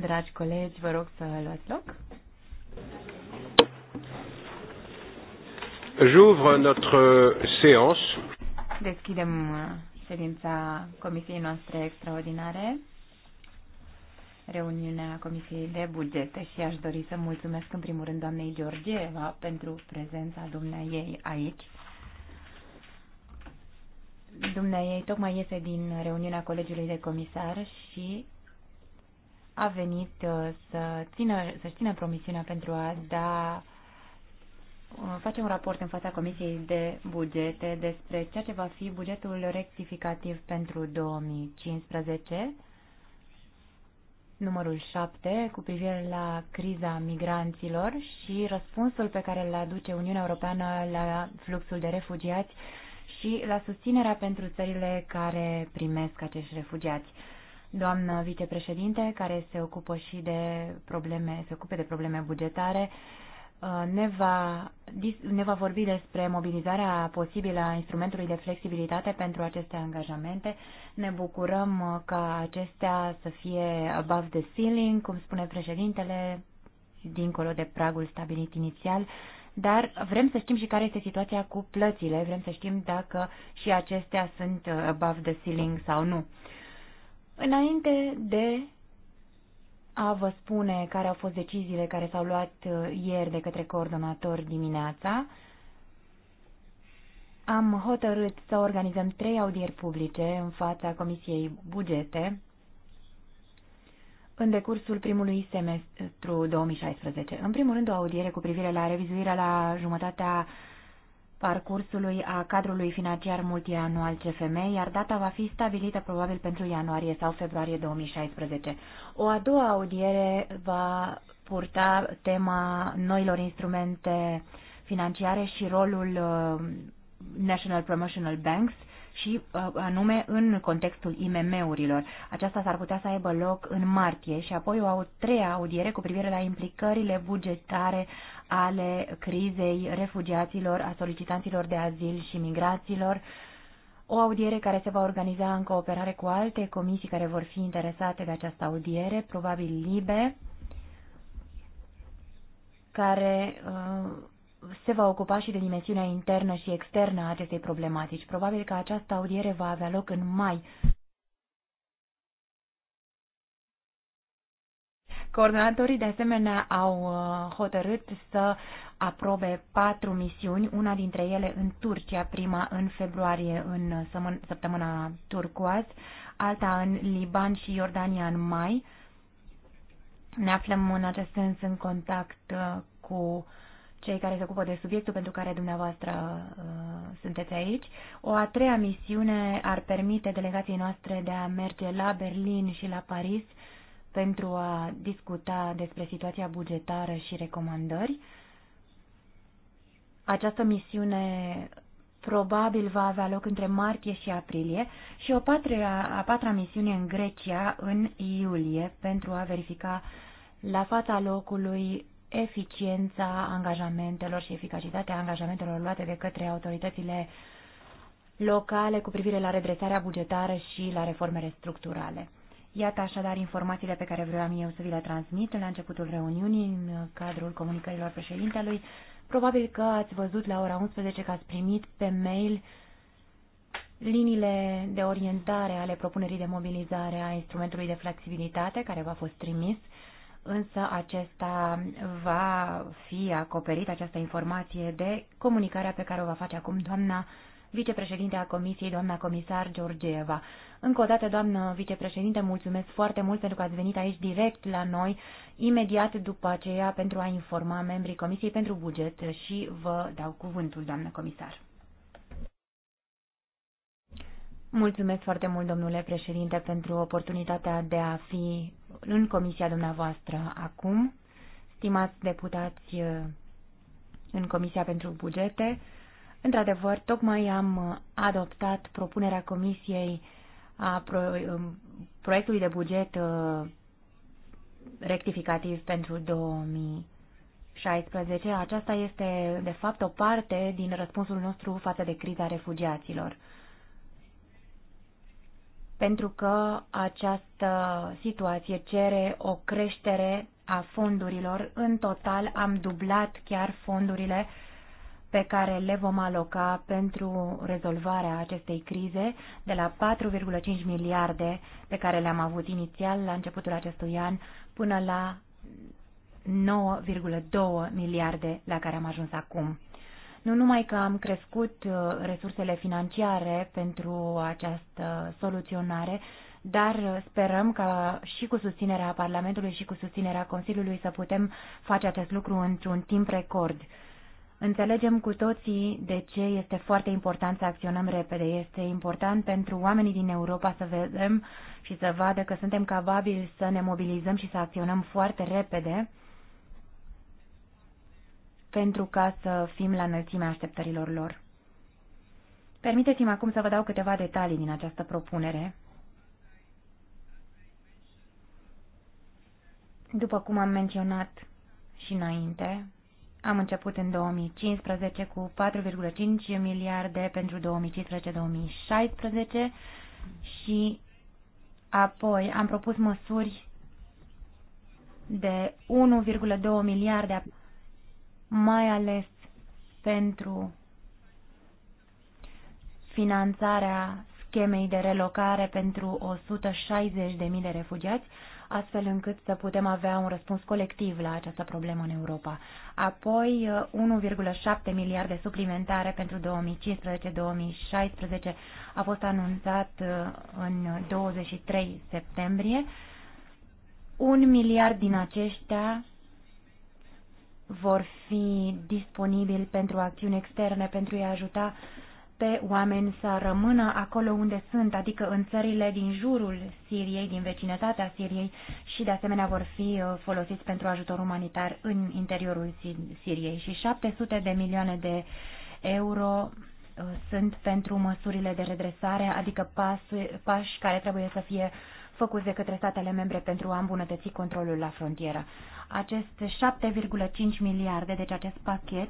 Dragi colegi, vă rog să luați loc. J'ouvre notre euh, séance. Deschidem uh, ședința comisiei noastre extraordinare, reuniunea Comisiei de Bugete și aș dori să mulțumesc în primul rând doamnei Georgieva pentru prezența dumnea ei aici. Dumnea ei tocmai iese din reuniunea Colegiului de Comisar și a venit uh, să țină, să țină promisiunea pentru a da uh, face un raport în fața Comisiei de Bugete despre ceea ce va fi bugetul rectificativ pentru 2015, numărul 7, cu privire la criza migranților și răspunsul pe care îl aduce Uniunea Europeană la fluxul de refugiați și la susținerea pentru țările care primesc acești refugiați doamnă vicepreședinte, care se ocupă și de probleme, se ocupe de probleme bugetare, uh, ne va, ne va vorbi despre mobilizarea posibilă a instrumentului de flexibilitate pentru aceste angajamente. Ne bucurăm uh, ca acestea să fie above the ceiling, cum spune președintele, dincolo de pragul stabilit inițial, dar vrem să știm și care este situația cu plățile, vrem să știm dacă și acestea sunt uh, above the ceiling sau nu. Înainte de a vă spune care au fost deciziile care s-au luat uh, ieri de către coordonatori dimineața, am hotărât să organizăm trei audieri publice în fața Comisiei Bugete în decursul primului semestru 2016. În primul rând, o audiere cu privire la revizuirea la jumătatea parcursului a cadrului financiar multianual CFM, iar data va fi stabilită probabil pentru ianuarie sau februarie 2016. O a doua audiere va purta tema noilor instrumente financiare și rolul uh, National Promotional Banks și uh, anume în contextul IMM-urilor. Aceasta s-ar putea să aibă loc în martie și apoi o treia audiere cu privire la implicările bugetare ale crizei refugiaților, a solicitanților de azil și migraților, o audiere care se va organiza în cooperare cu alte comisii care vor fi interesate de această audiere, probabil LIBE, care uh, se va ocupa și de dimensiunea internă și externă a acestei problematici. Probabil că această audiere va avea loc în mai. Coordonatorii, de asemenea, au uh, hotărât să aprobe patru misiuni, una dintre ele în Turcia, prima în februarie, în săptămâna turcoaz, alta în Liban și Iordania în mai. Ne aflăm în acest sens în contact uh, cu uh, cei care se ocupă de subiectul pentru care dumneavoastră uh, sunteți aici. O a treia misiune ar permite delegației noastre de a merge la Berlin și la Paris pentru a discuta despre situația bugetară și recomandări. Această misiune probabil va avea loc între martie și aprilie și o patria, a patra misiune în Grecia în iulie pentru a verifica la fața locului eficiența angajamentelor și eficacitatea angajamentelor luate de către autoritățile locale cu privire la redresarea bugetară și la reformele structurale. Iată așadar informațiile pe care vreau eu să vi le transmit la începutul reuniunii în cadrul comunicărilor președintelui. Probabil că ați văzut la ora 11 că ați primit pe mail liniile de orientare ale propunerii de mobilizare a instrumentului de flexibilitate care v-a fost trimis însă acesta va fi acoperit, această informație, de comunicarea pe care o va face acum doamna vicepreședinte a Comisiei, doamna comisar Georgieva. Încă o dată, doamnă vicepreședinte, mulțumesc foarte mult pentru că ați venit aici direct la noi, imediat după aceea, pentru a informa membrii Comisiei pentru buget și vă dau cuvântul, doamnă comisar. Mulțumesc foarte mult, domnule președinte, pentru oportunitatea de a fi în comisia dumneavoastră acum. Stimați deputați uh, în Comisia pentru Bugete, într-adevăr, tocmai am adoptat propunerea Comisiei a um, proiectului de buget uh, rectificativ pentru 2016. Aceasta este, de fapt, o parte din răspunsul nostru față de criza refugiaților pentru că această situație cere o creștere a fondurilor. În total am dublat chiar fondurile pe care le vom aloca pentru rezolvarea acestei crize de la 4,5 miliarde pe care le-am avut inițial la începutul acestui an până la 9,2 miliarde la care am ajuns acum. Nu numai că am crescut uh, resursele financiare pentru această soluționare, dar uh, sperăm ca și cu susținerea Parlamentului și cu susținerea Consiliului să putem face acest lucru într-un timp record. Înțelegem cu toții de ce este foarte important să acționăm repede. Este important pentru oamenii din Europa să vedem și să vadă că suntem capabili să ne mobilizăm și să acționăm foarte repede pentru ca să fim la înălțimea așteptărilor lor. Permiteți-mi acum să vă dau câteva detalii din această propunere. După cum am menționat și înainte, am început în 2015 cu 4,5 miliarde pentru 2015-2016 și apoi am propus măsuri de 1,2 miliarde mai ales pentru finanțarea schemei de relocare pentru 160.000 de refugiați, astfel încât să putem avea un răspuns colectiv la această problemă în Europa. Apoi 1,7 miliarde suplimentare pentru 2015-2016 a fost anunțat uh, în 23 septembrie. Un miliard din aceștia vor fi disponibili pentru acțiuni externe, pentru a-i ajuta pe oameni să rămână acolo unde sunt, adică în țările din jurul Siriei, din vecinătatea Siriei și de asemenea vor fi uh, folosiți pentru ajutor umanitar în interiorul Siriei. Și 700 de milioane de euro uh, sunt pentru măsurile de redresare, adică pași, pași care trebuie să fie uh, făcuți de către statele membre pentru a îmbunătăți controlul la frontieră. Acest 7,5 miliarde, deci acest pachet,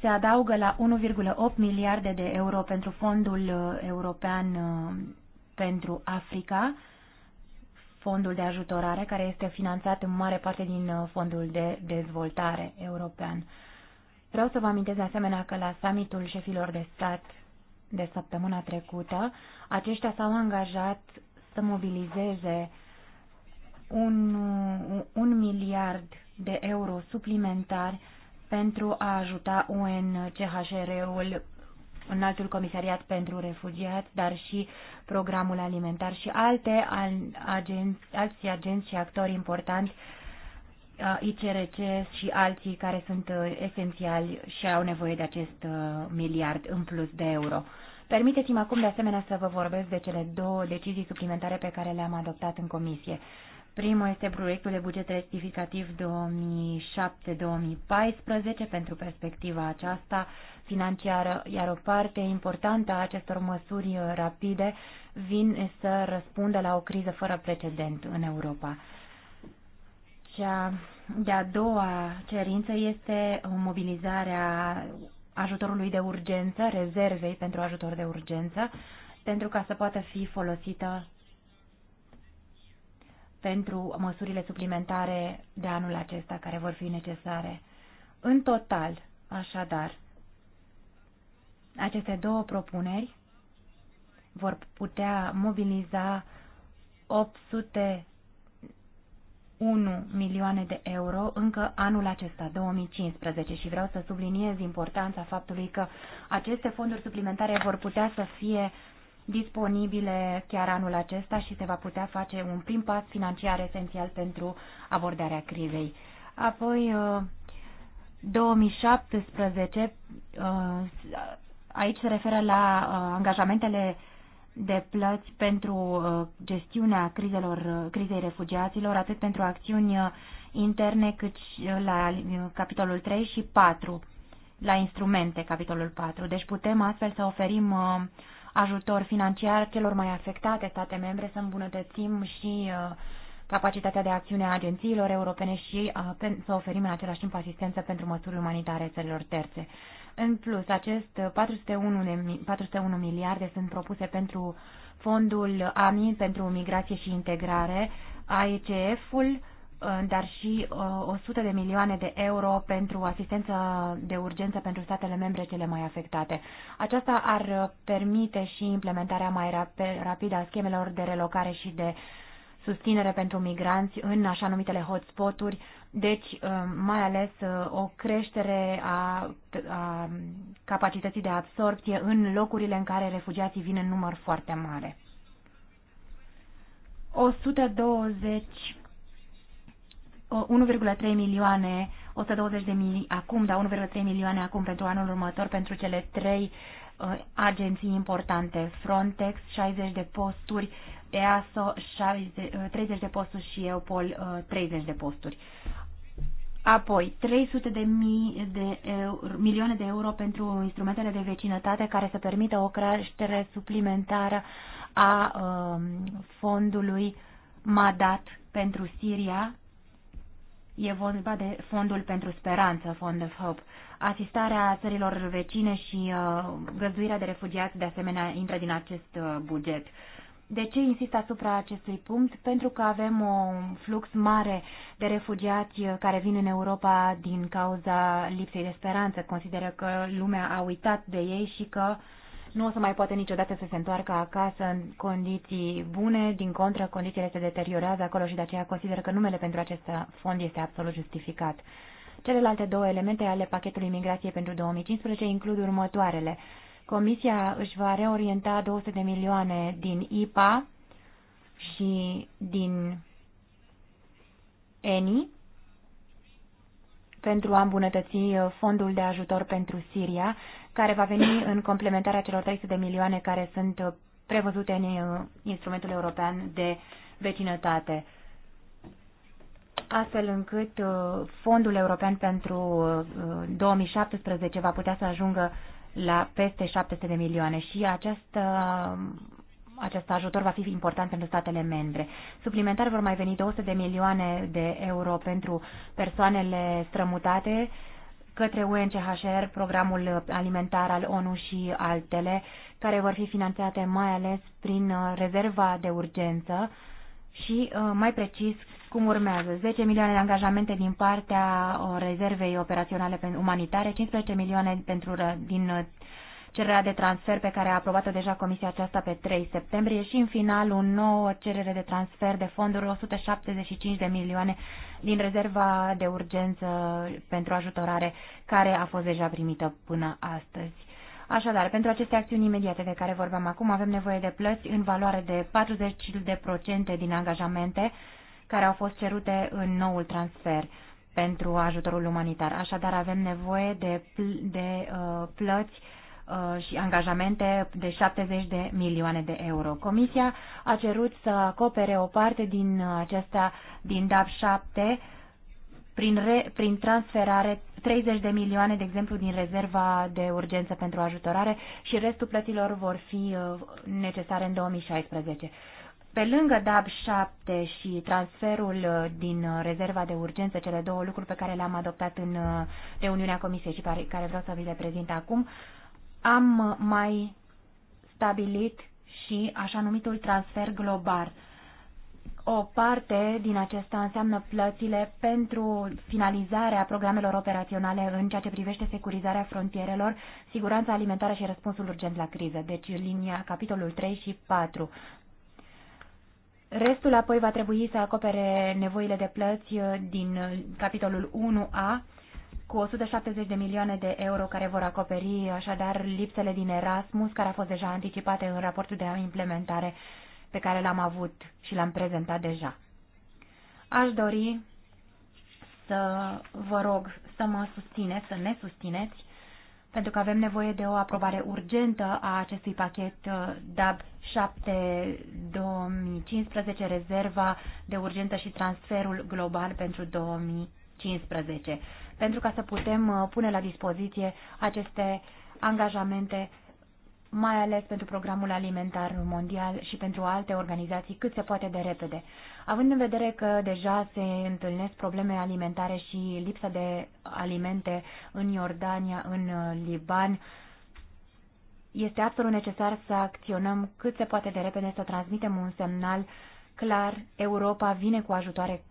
se adaugă la 1,8 miliarde de euro pentru Fondul uh, European uh, pentru Africa, fondul de ajutorare care este finanțat în mare parte din uh, Fondul de Dezvoltare European. Vreau să vă amintesc de asemenea că la summitul șefilor de stat de săptămâna trecută, aceștia s-au angajat să mobilizeze un, un miliard de euro suplimentari pentru a ajuta UNCHR-ul, Înaltul Comisariat pentru Refugiați, dar și Programul Alimentar și alte agenți, alți agenți și actori importanți Uh, ICRC și alții care sunt uh, esențiali și au nevoie de acest uh, miliard în plus de euro. Permiteți-mi acum de asemenea să vă vorbesc de cele două decizii suplimentare pe care le-am adoptat în comisie. Primul este proiectul de buget rectificativ 2007-2014 pentru perspectiva aceasta financiară, iar o parte importantă a acestor măsuri rapide vin să răspundă la o criză fără precedent în Europa. Cea de-a doua cerință este mobilizarea ajutorului de urgență, rezervei pentru ajutor de urgență, pentru ca să poată fi folosită pentru măsurile suplimentare de anul acesta care vor fi necesare. În total, așadar, aceste două propuneri vor putea mobiliza 800 1 milioane de euro încă anul acesta, 2015, și vreau să subliniez importanța faptului că aceste fonduri suplimentare vor putea să fie disponibile chiar anul acesta și se va putea face un prim pas financiar esențial pentru abordarea crizei. Apoi, 2017, uh, uh, aici se referă la uh, angajamentele de plăți pentru uh, gestiunea crizelor, uh, crizei refugiaților, atât pentru acțiuni uh, interne cât și la capitolul 3 și 4, la instrumente, capitolul 4. Deci putem astfel să oferim ajutor financiar celor mai afectate state membre, să îmbunătățim și capacitatea de acțiune a agențiilor europene și să oferim în același timp asistență pentru măsuri umanitare țărilor terțe. În plus, acest 401, de, 401 miliarde sunt propuse pentru fondul AMI pentru migrație și integrare, AECF-ul, ă, dar și 100 ă, de milioane de euro pentru asistență de urgență pentru statele membre cele mai afectate. Aceasta ar permite și implementarea mai rapidă a schemelor de relocare și de susținere pentru migranți în așa numitele hotspoturi. uri deci, uh, mai ales uh, o creștere a, a capacității de absorpție în locurile în care refugiații vin în număr foarte mare. 120 1,3 milioane, 120 de mii acum, dar 1,3 milioane acum pentru anul următor pentru cele trei uh, agenții importante, Frontex, 60 de posturi, EASO 30 uh, de posturi și EOPOL 30 uh, de posturi. Apoi, 300 de, mii de euro, milioane de euro pentru instrumentele de vecinătate care să permită o creștere suplimentară a um, fondului MADAT pentru Siria. E vorba de fondul pentru speranță, Fond of Hope. Asistarea țărilor vecine și uh, găzduirea de refugiați, de asemenea, intră din acest uh, buget. Uh, de ce insist asupra acestui punct? Pentru că avem un flux mare de refugiați care vin în Europa din cauza lipsei de speranță. Consideră că lumea a uitat de ei și că nu o să mai poată niciodată să se întoarcă acasă în condiții bune, din contră condițiile se deteriorează acolo și de aceea consideră că numele pentru acest fond este absolut justificat. Celelalte două elemente ale pachetului migrație pentru 2015 includ următoarele Comisia își va reorienta 200 de milioane din IPA și din ENI pentru a îmbunătăți uh, fondul de ajutor pentru Siria, care va veni în complementarea celor 300 de milioane care sunt uh, prevăzute în uh, instrumentul european de vecinătate astfel încât Fondul European pentru 2017 va putea să ajungă la peste 700 de milioane și acest, uh, acest ajutor va fi important pentru statele membre. Suplimentar vor mai veni 200 de milioane de euro pentru persoanele strămutate către UNCHR, programul alimentar al ONU și altele, care vor fi finanțate mai ales prin uh, rezerva de urgență și, uh, mai precis, cum urmează. 10 milioane de angajamente din partea uh, rezervei operaționale umanitare, 15 milioane pentru, uh, din uh, cererea de transfer pe care a aprobat-o deja Comisia aceasta pe 3 septembrie și, în final, o nouă cerere de transfer de fonduri, 175 de milioane din rezerva de urgență pentru ajutorare, care a fost deja primită până astăzi. Așadar, pentru aceste acțiuni imediate de care vorbeam acum, avem nevoie de plăți în valoare de 40% din angajamente, care au fost cerute în noul transfer pentru ajutorul umanitar. Așadar, avem nevoie de, pl- de uh, plăți uh, și angajamente de 70 de milioane de euro. Comisia a cerut să acopere o parte din acesta din DAP 7 prin, re, prin transferare 30 de milioane, de exemplu, din rezerva de urgență pentru ajutorare și restul plăților vor fi uh, necesare în 2016. Pe lângă DAB 7 și transferul uh, din uh, rezerva de urgență, cele două lucruri pe care le-am adoptat în uh, reuniunea comisiei și care vreau să vi le prezint acum, am mai stabilit și așa numitul transfer global. O parte din acesta înseamnă plățile pentru finalizarea programelor operaționale în ceea ce privește securizarea frontierelor, siguranța alimentară și răspunsul urgent la criză, deci linia capitolul 3 și 4. Restul apoi va trebui să acopere nevoile de plăți uh, din uh, capitolul 1A cu 170 de milioane de euro care vor acoperi așadar lipsele din Erasmus care a fost deja anticipate în raportul de implementare pe care l-am avut și l-am prezentat deja. Aș dori să vă rog să mă susțineți, să ne susțineți pentru că avem nevoie de o aprobare urgentă a acestui pachet DAB 7 2015, rezerva de urgență și transferul global pentru 2015, pentru ca să putem uh, pune la dispoziție aceste angajamente mai ales pentru programul alimentar mondial și pentru alte organizații cât se poate de repede. Având în vedere că deja se întâlnesc probleme alimentare și lipsa de alimente în Iordania, în uh, Liban, este absolut necesar să acționăm cât se poate de repede, să transmitem un semnal clar. Europa vine cu ajutoare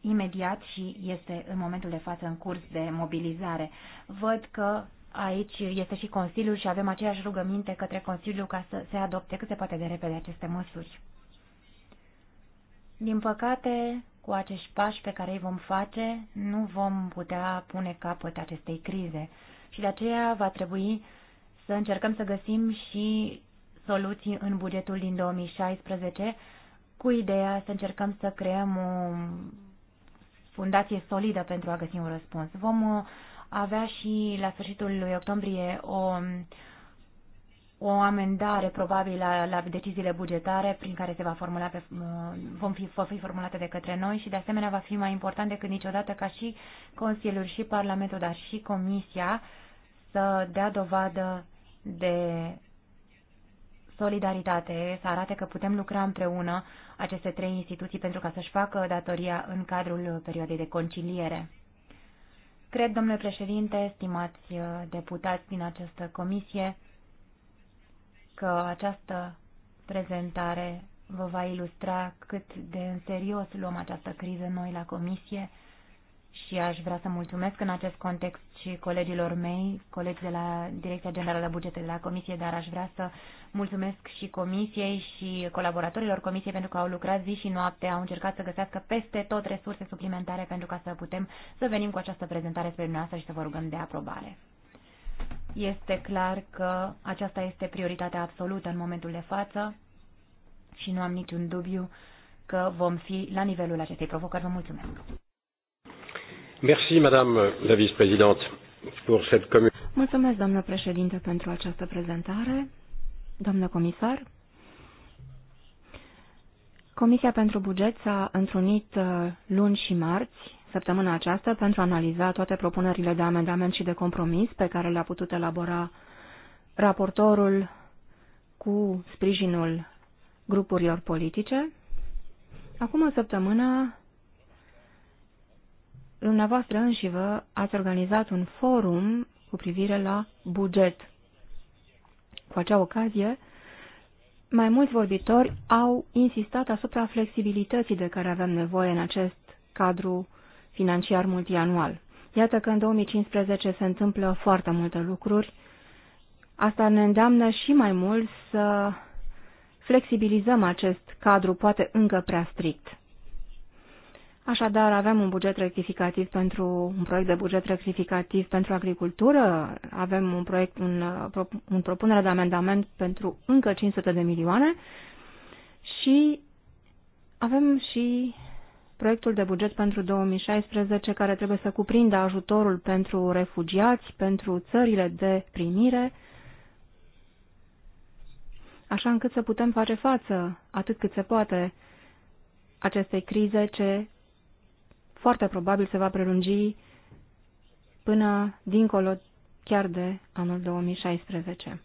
imediat și este în momentul de față în curs de mobilizare. Văd că Aici este și Consiliul și avem aceeași rugăminte către Consiliu ca să se adopte cât se poate de repede aceste măsuri. Din păcate, cu acești pași pe care îi vom face, nu vom putea pune capăt acestei crize și de aceea va trebui să încercăm să găsim și soluții în bugetul din 2016 cu ideea să încercăm să creăm o fundație solidă pentru a găsi un răspuns. Vom uh, avea și la sfârșitul lui octombrie o, o amendare probabil la, la deciziile bugetare prin care se va formula pe, vom fi, vor fi formulate de către noi și de asemenea va fi mai important decât niciodată ca și Consiliul și Parlamentul, dar și Comisia să dea dovadă de solidaritate, să arate că putem lucra împreună aceste trei instituții pentru ca să-și facă datoria în cadrul perioadei de conciliere. Cred, domnule președinte, estimați uh, deputați din această comisie, că această prezentare vă va ilustra cât de în serios luăm această criză noi la comisie și aș vrea să mulțumesc în acest context și colegilor mei, colegi de la Direcția Generală Bugete de la Comisie, dar aș vrea să mulțumesc și Comisiei și colaboratorilor Comisiei pentru că au lucrat zi și noapte, au încercat să găsească peste tot resurse suplimentare pentru ca să putem să venim cu această prezentare spre dumneavoastră și să vă rugăm de aprobare. Este clar că aceasta este prioritatea absolută în momentul de față și nu am niciun dubiu că vom fi la nivelul acestei provocări. Vă mulțumesc! Merci, Madame la Vice-Présidente, pour cette commune. Mulțumesc, doamnă președinte, pentru această prezentare. Doamnă comisar, Comisia pentru Buget s-a întrunit uh, luni și marți, săptămâna aceasta, pentru a analiza toate propunerile de amendament și de compromis pe care le-a putut elabora raportorul cu sprijinul grupurilor politice. Acum o săptămână dumneavoastră înși vă ați organizat un forum cu privire la buget. Cu acea ocazie, mai mulți vorbitori au insistat asupra flexibilității de care avem nevoie în acest cadru financiar multianual. Iată că în 2015 se întâmplă foarte multe lucruri. Asta ne îndeamnă și mai mult să flexibilizăm acest cadru, poate încă prea strict. Așadar, avem un buget rectificativ pentru un proiect de buget rectificativ pentru agricultură, avem un proiect, un, un propunere de amendament pentru încă 500 de milioane și avem și proiectul de buget pentru 2016 care trebuie să cuprindă ajutorul pentru refugiați, pentru țările de primire, așa încât să putem face față, atât cât se poate, acestei crize ce foarte probabil se va prelungi până dincolo chiar de anul 2016.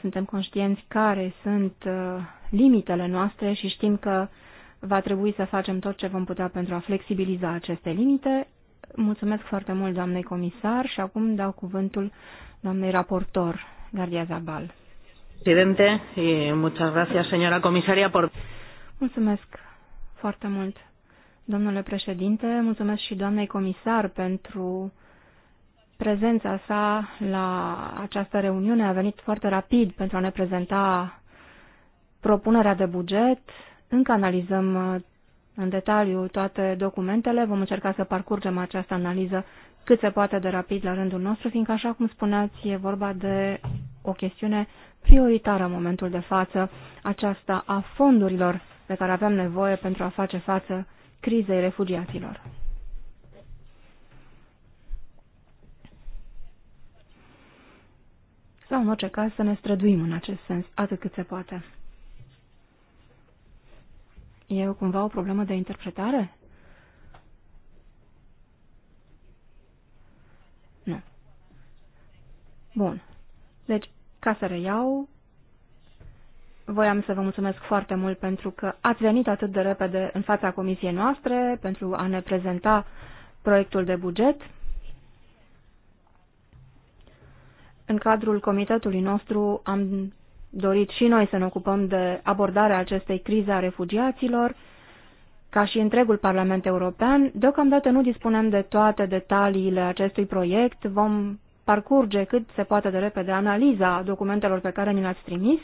Suntem conștienți care sunt uh, limitele noastre și știm că va trebui să facem tot ce vom putea pentru a flexibiliza aceste limite. Mulțumesc foarte mult doamnei comisar și acum dau cuvântul doamnei raportor, Gardia Zabal. Presidente, eh, muchas gracias, señora comisaria, por... Mulțumesc foarte mult, Domnule președinte, mulțumesc și doamnei comisar pentru prezența sa la această reuniune. A venit foarte rapid pentru a ne prezenta propunerea de buget. Încă analizăm uh, în detaliu toate documentele. Vom încerca să parcurgem această analiză cât se poate de rapid la rândul nostru, fiindcă, așa cum spuneați, e vorba de o chestiune prioritară în momentul de față, aceasta a fondurilor de care avem nevoie pentru a face față crizei refugiaților. Sau, în orice caz, să ne străduim în acest sens atât cât se poate. E cumva o problemă de interpretare? Nu. Bun. Deci, ca să reiau, voiam să vă mulțumesc foarte mult pentru că ați venit atât de repede în fața comisiei noastre pentru a ne prezenta proiectul de buget. În cadrul comitetului nostru am dorit și noi să ne ocupăm de abordarea acestei crize a refugiaților, ca și întregul Parlament European, deocamdată nu dispunem de toate detaliile acestui proiect, vom parcurge cât se poate de repede analiza documentelor pe care ni le-ați trimis,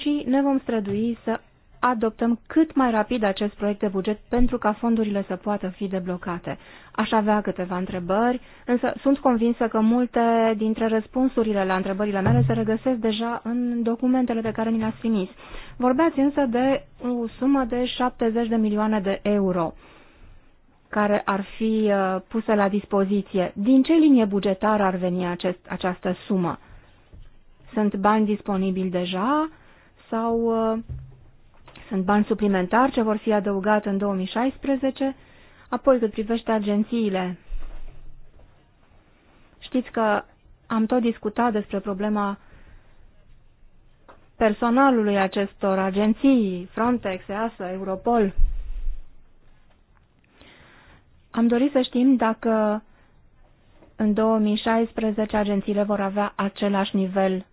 și ne vom strădui să adoptăm cât mai rapid acest proiect de buget pentru ca fondurile să poată fi deblocate. Aș avea câteva întrebări, însă sunt convinsă că multe dintre răspunsurile la întrebările mele se regăsesc deja în documentele pe care ni le-ați trimis. Vorbeați însă de o sumă de 70 de milioane de euro care ar fi uh, puse la dispoziție. Din ce linie bugetară ar veni acest, această sumă? Sunt bani disponibili deja? sau uh, sunt bani suplimentari ce vor fi adăugat în 2016, apoi cât privește agențiile. Știți că am tot discutat despre problema personalului acestor agenții, Frontex, EASA, Europol. Am dorit să știm dacă în 2016 agențiile vor avea același nivel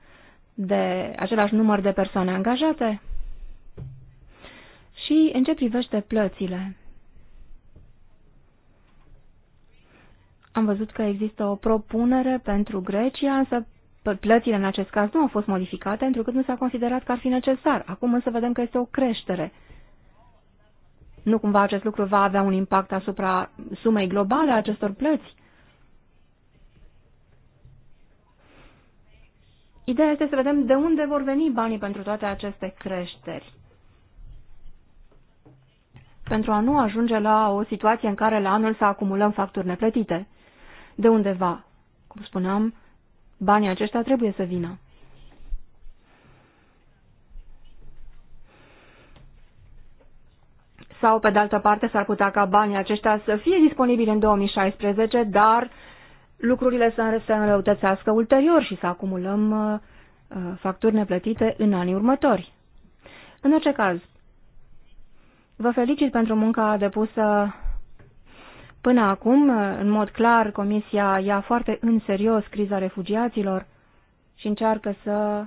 de același număr de persoane angajate? Și în ce privește plățile? Am văzut că există o propunere pentru Grecia, însă plățile în acest caz nu au fost modificate, pentru că nu s-a considerat că ar fi necesar. Acum însă vedem că este o creștere. Nu cumva acest lucru va avea un impact asupra sumei globale a acestor plăți? Ideea este să vedem de unde vor veni banii pentru toate aceste creșteri. Pentru a nu ajunge la o situație în care la anul să acumulăm facturi neplătite. De undeva, cum spuneam, banii aceștia trebuie să vină. Sau, pe de altă parte, s-ar putea ca banii aceștia să fie disponibili în 2016, dar lucrurile să se înrăutățească ulterior și să acumulăm uh, uh, facturi neplătite în anii următori. În orice caz, vă felicit pentru munca depusă până acum. În mod clar, Comisia ia foarte în serios criza refugiaților și încearcă să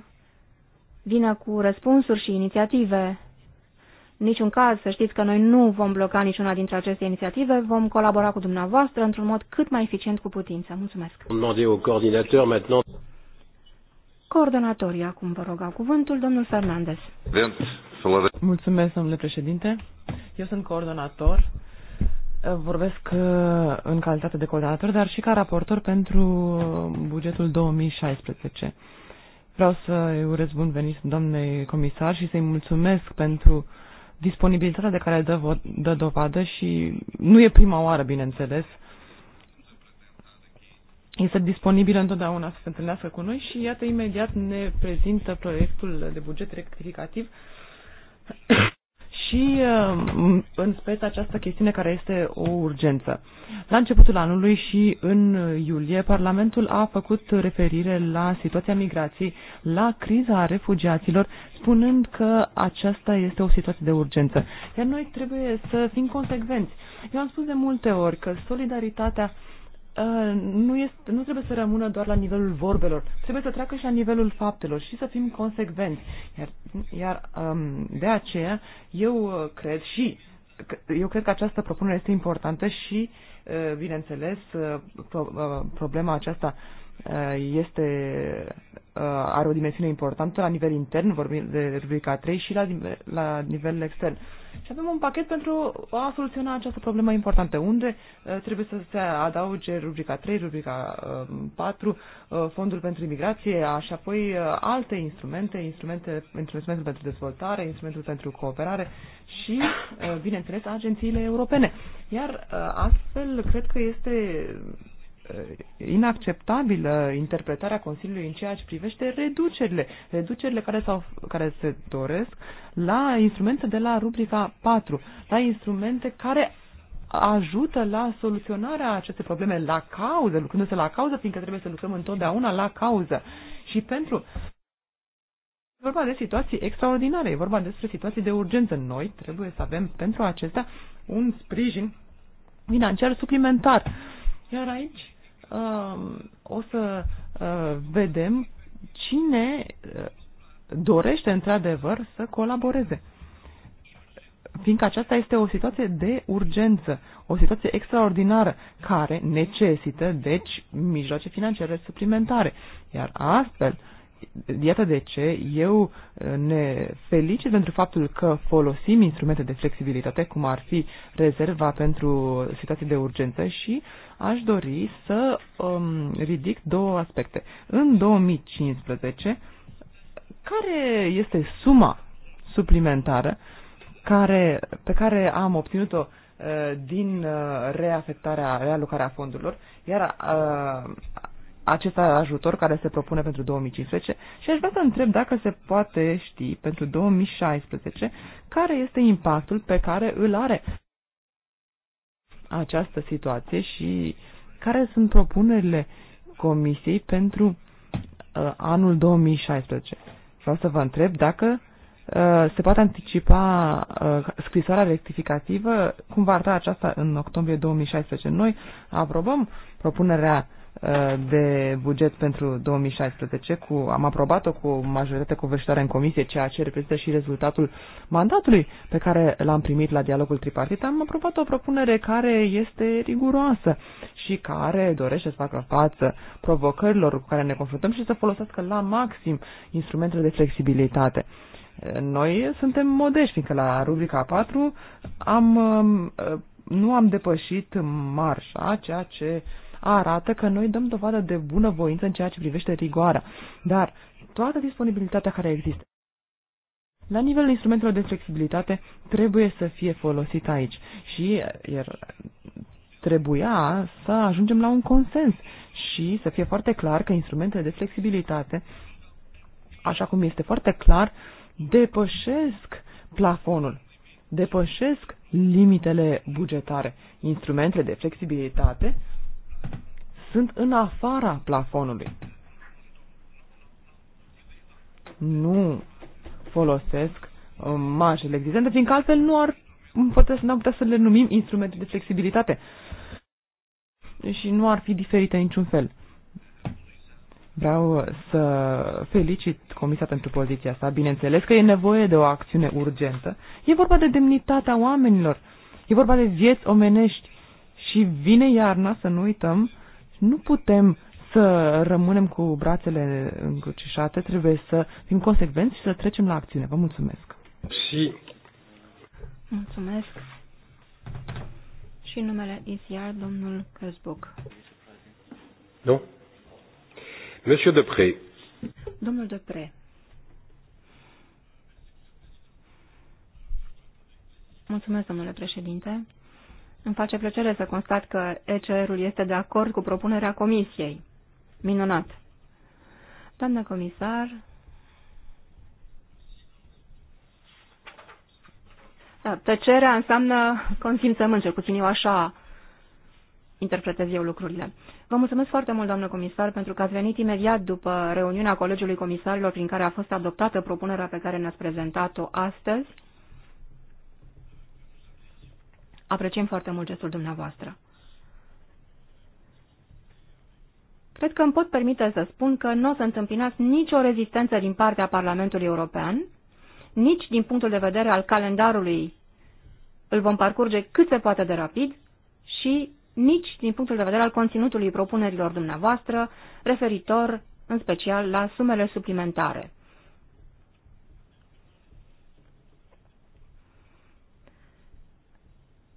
vină cu răspunsuri și inițiative niciun caz să știți că noi nu vom bloca niciuna dintre aceste inițiative, vom colabora cu dumneavoastră într-un mod cât mai eficient cu putință. Mulțumesc. Coordonatorii, acum vă rog, au cuvântul, domnul Fernandez. Mulțumesc, domnule președinte. Eu sunt coordonator. Vorbesc uh, în calitate de coordonator, dar și ca raportor pentru bugetul 2016. Vreau să îi urez bun venit doamnei comisar și să-i mulțumesc pentru uh, disponibilitatea de care dă, dă dovadă și nu e prima oară, bineînțeles, este disponibilă întotdeauna să se întâlnească cu noi și iată imediat ne prezintă proiectul de buget rectificativ și uh, în speță această chestiune care este o urgență. La începutul anului și în iulie, Parlamentul a făcut referire la situația migrației, la criza refugiaților, spunând că aceasta este o situație de urgență. Iar noi trebuie să fim consecvenți. Eu am spus de multe ori că solidaritatea Uh, nu, este, nu trebuie să rămână doar la nivelul vorbelor, trebuie să treacă și la nivelul faptelor și să fim consecvenți. Iar, iar um, de aceea eu uh, cred și eu cred că această propunere este importantă și, uh, bineînțeles, problema aceasta Eh, este, eh, are o dimensiune importantă la nivel intern, vorbim de rubrica 3 și la, la nivel extern. Și avem un pachet pentru a soluționa această problemă importantă, unde eh, trebuie să se adauge rubrica 3, rubrica 4, fondul pentru imigrație și apoi alte instrumente, instrumente, instrumentul pentru dezvoltare, instrumentul pentru cooperare și, bineînțeles, agențiile europene. Iar astfel, cred că este inacceptabilă interpretarea Consiliului în ceea ce privește reducerile, reducerile care, s-au, care se doresc la instrumente de la rubrica 4, la instrumente care ajută la soluționarea acestei probleme la cauză, lucrându-se la cauză, fiindcă trebuie să lucrăm întotdeauna la cauză. Și pentru E vorba de situații extraordinare, e vorba despre situații de urgență. Noi trebuie să avem pentru acestea un sprijin financiar suplimentar. Iar aici Um, o să uh, vedem cine uh, dorește într-adevăr să colaboreze. Fiindcă aceasta este o situație de urgență, o situație extraordinară, care necesită, deci, mijloace financiare suplimentare. Iar astfel, iată de ce eu uh, ne felicit pentru faptul că folosim instrumente de flexibilitate, cum ar fi rezerva pentru situații de urgență și aș dori să um, ridic două aspecte. În 2015, care este suma suplimentară care, pe care am obținut-o uh, din uh, reafectarea, realocarea fondurilor, iar uh, acest ajutor care se propune pentru 2015 și aș vrea să întreb dacă se poate ști pentru 2016 care este impactul pe care îl are această situație și care sunt propunerile Comisiei pentru uh, anul 2016. Vreau să vă întreb dacă uh, se poate anticipa uh, scrisoarea rectificativă, cum va arăta aceasta în octombrie 2016. Noi aprobăm propunerea de buget pentru 2016. Cu, am aprobat-o cu majoritate covârșitoare în comisie, ceea ce reprezintă și rezultatul mandatului pe care l-am primit la dialogul tripartit. Am aprobat o propunere care este riguroasă și care dorește să facă față provocărilor cu care ne confruntăm și să folosească la maxim instrumentele de flexibilitate. Noi suntem modești, fiindcă la rubrica 4 am, uh, nu am depășit marșa, ceea ce uh, arată că noi dăm dovadă de bunăvoință în ceea ce privește rigoarea, dar toată disponibilitatea care există la nivelul instrumentelor de flexibilitate trebuie să fie folosit aici și iar trebuia să ajungem la un consens și să fie foarte clar că instrumentele de flexibilitate, așa cum este foarte clar, depășesc plafonul, depășesc limitele bugetare. Instrumentele de flexibilitate sunt în afara plafonului. Nu folosesc uh, marjele existente, fiindcă altfel nu ar putea, n-am putea să le numim instrumente de flexibilitate și nu ar fi diferite niciun fel. Vreau uh, să felicit Comisia pentru poziția asta. Bineînțeles că e nevoie de o acțiune urgentă. E vorba de demnitatea oamenilor. E vorba de vieți omenești. Și vine iarna, să nu uităm, nu putem să rămânem cu brațele încrucișate, trebuie să fim consecvenți și să trecem la acțiune. Vă mulțumesc. Și... Mulțumesc. Și numele iar domnul Căzbuc. Nu? Monsieur Depré. Domnul Depré. Mulțumesc, domnule președinte. Îmi face plăcere să constat că ECR-ul este de acord cu propunerea comisiei. Minunat! Doamna comisar, da, tăcerea înseamnă consimțământ, cel puțin eu așa interpretez eu lucrurile. Vă mulțumesc foarte mult, doamnă comisar, pentru că ați venit imediat după reuniunea Colegiului Comisarilor prin care a fost adoptată propunerea pe care ne-ați prezentat-o astăzi Apreciem foarte mult gestul dumneavoastră. Cred că îmi pot permite să spun că nu o să întâmpinați nicio rezistență din partea Parlamentului European, nici din punctul de vedere al calendarului îl vom parcurge cât se poate de rapid și nici din punctul de vedere al conținutului propunerilor dumneavoastră, referitor în special la sumele suplimentare.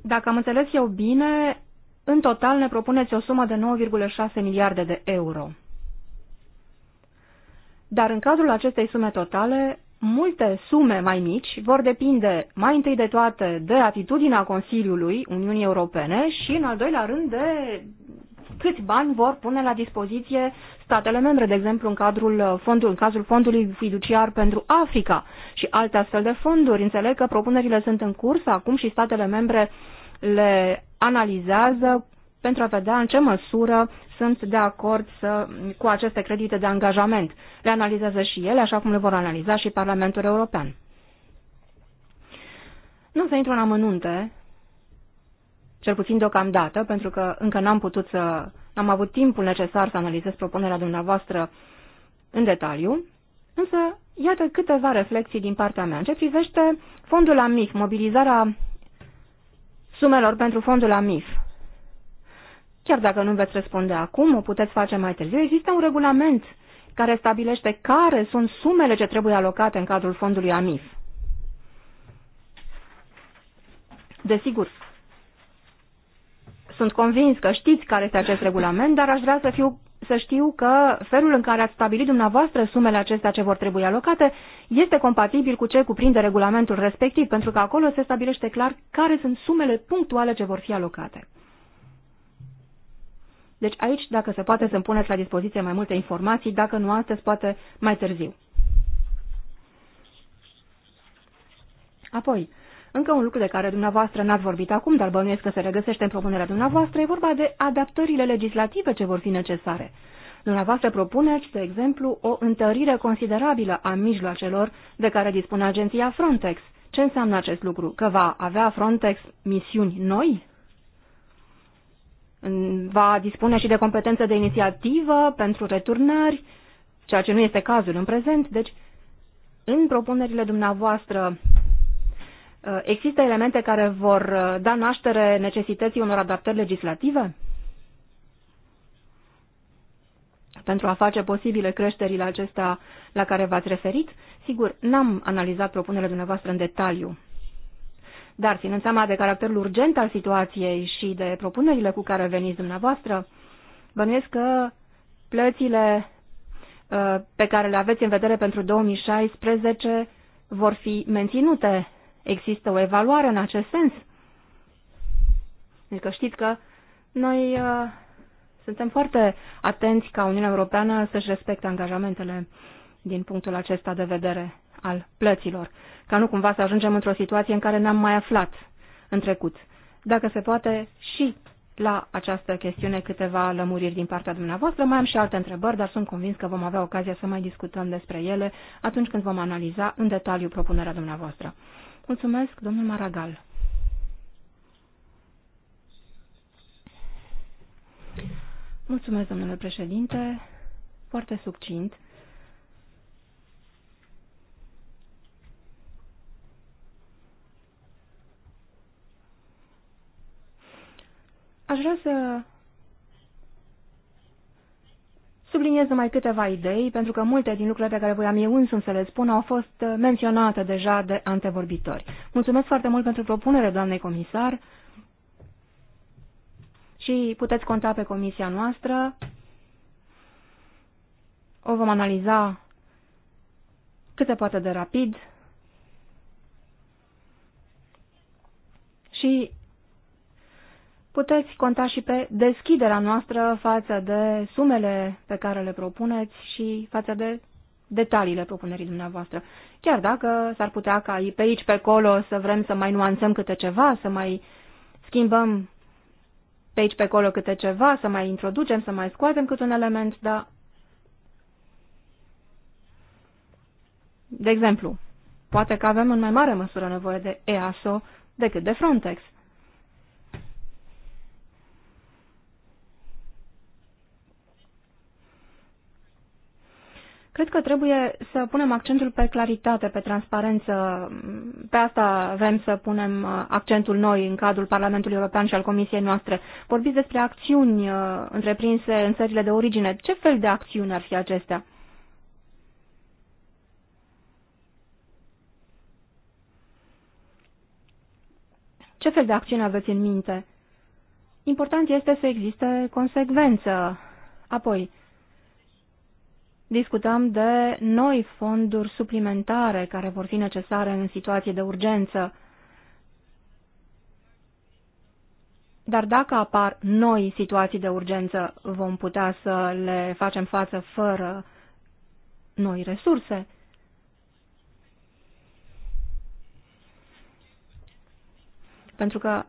Dacă am înțeles eu bine, în total ne propuneți o sumă de 9,6 miliarde de euro. Dar în cazul acestei sume totale, multe sume mai mici vor depinde mai întâi de toate de atitudinea Consiliului Uniunii Europene și, în al doilea rând, de câți bani vor pune la dispoziție statele membre, de exemplu în, cadrul uh, fondului, în cazul Fondului Fiduciar pentru Africa și alte astfel de fonduri. Înțeleg că propunerile sunt în curs acum și statele membre le analizează pentru a vedea în ce măsură sunt de acord să, cu aceste credite de angajament. Le analizează și ele, așa cum le vor analiza și Parlamentul European. Nu o să intru în amănunte, cel puțin deocamdată, pentru că încă n-am putut să am avut timpul necesar să analizez propunerea dumneavoastră în detaliu, însă iată câteva reflexii din partea mea. În ce privește fondul AMIF, mobilizarea sumelor pentru fondul AMIF. Chiar dacă nu veți răspunde acum, o puteți face mai târziu, există un regulament care stabilește care sunt sumele ce trebuie alocate în cadrul fondului AMIF. Desigur, sunt convins că știți care este acest regulament, dar aș vrea să, fiu, să știu că felul în care ați stabilit dumneavoastră sumele acestea ce vor trebui alocate este compatibil cu ce cuprinde regulamentul respectiv, pentru că acolo se stabilește clar care sunt sumele punctuale ce vor fi alocate. Deci aici, dacă se poate, să-mi puneți la dispoziție mai multe informații, dacă nu astăzi, poate mai târziu. Apoi, încă un lucru de care dumneavoastră n-ați vorbit acum, dar bănuiesc că se regăsește în propunerea dumneavoastră, e vorba de adaptările legislative ce vor fi necesare. Dumneavoastră propuneți, de exemplu, o întărire considerabilă a mijloacelor de care dispune agenția Frontex. Ce înseamnă acest lucru? Că va avea Frontex misiuni noi? Va dispune și de competență de inițiativă pentru returnări, ceea ce nu este cazul în prezent. Deci, în propunerile dumneavoastră Uh, există elemente care vor uh, da naștere necesității unor adaptări legislative? Pentru a face posibile creșterile acestea la care v-ați referit, sigur, n-am analizat propunerea dumneavoastră în detaliu. Dar, ținând seama de caracterul urgent al situației și de propunerile cu care veniți dumneavoastră, bănuiesc că plățile uh, pe care le aveți în vedere pentru 2016 vor fi menținute Există o evaluare în acest sens? Adică știți că noi uh, suntem foarte atenți ca Uniunea Europeană să-și respecte angajamentele din punctul acesta de vedere al plăților, ca nu cumva să ajungem într-o situație în care ne-am mai aflat în trecut. Dacă se poate și la această chestiune câteva lămuriri din partea dumneavoastră. Mai am și alte întrebări, dar sunt convins că vom avea ocazia să mai discutăm despre ele atunci când vom analiza în detaliu propunerea dumneavoastră. Mulțumesc, domnul Maragal. Mulțumesc, domnule președinte. Foarte succint. Aș vrea să Subliniez numai câteva idei, pentru că multe din lucrurile pe care voiam eu însumi să le spun au fost uh, menționate deja de antevorbitori. Mulțumesc foarte mult pentru propunere, doamnei comisar, și puteți conta pe comisia noastră. O vom analiza cât se poate de rapid și Puteți conta și pe deschiderea noastră față de sumele pe care le propuneți și față de detaliile propunerii dumneavoastră. Chiar dacă s-ar putea ca pe aici, pe acolo, să vrem să mai nuanțăm câte ceva, să mai schimbăm pe aici, pe acolo câte ceva, să mai introducem, să mai scoatem câte un element, dar... De exemplu, poate că avem în mai mare măsură nevoie de EASO decât de Frontex. Cred că trebuie să punem accentul pe claritate, pe transparență. Pe asta vrem să punem uh, accentul noi în cadrul Parlamentului European și al Comisiei noastre. Vorbiți despre acțiuni uh, întreprinse în țările de origine. Ce fel de acțiuni ar fi acestea? Ce fel de acțiune aveți în minte? Important este să existe consecvență. Apoi, discutăm de noi fonduri suplimentare care vor fi necesare în situații de urgență. Dar dacă apar noi situații de urgență, vom putea să le facem față fără noi resurse. Pentru că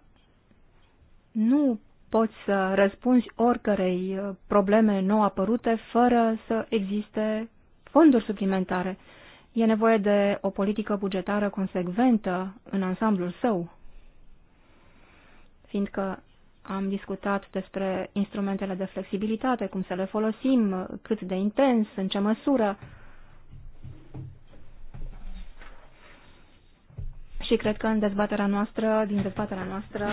nu poți să răspunzi oricărei uh, probleme nou apărute fără să existe fonduri suplimentare. E nevoie de o politică bugetară consecventă în ansamblul său, fiindcă am discutat despre instrumentele de flexibilitate, cum să le folosim, cât de intens, în ce măsură, și cred că în dezbaterea noastră, din dezbaterea noastră,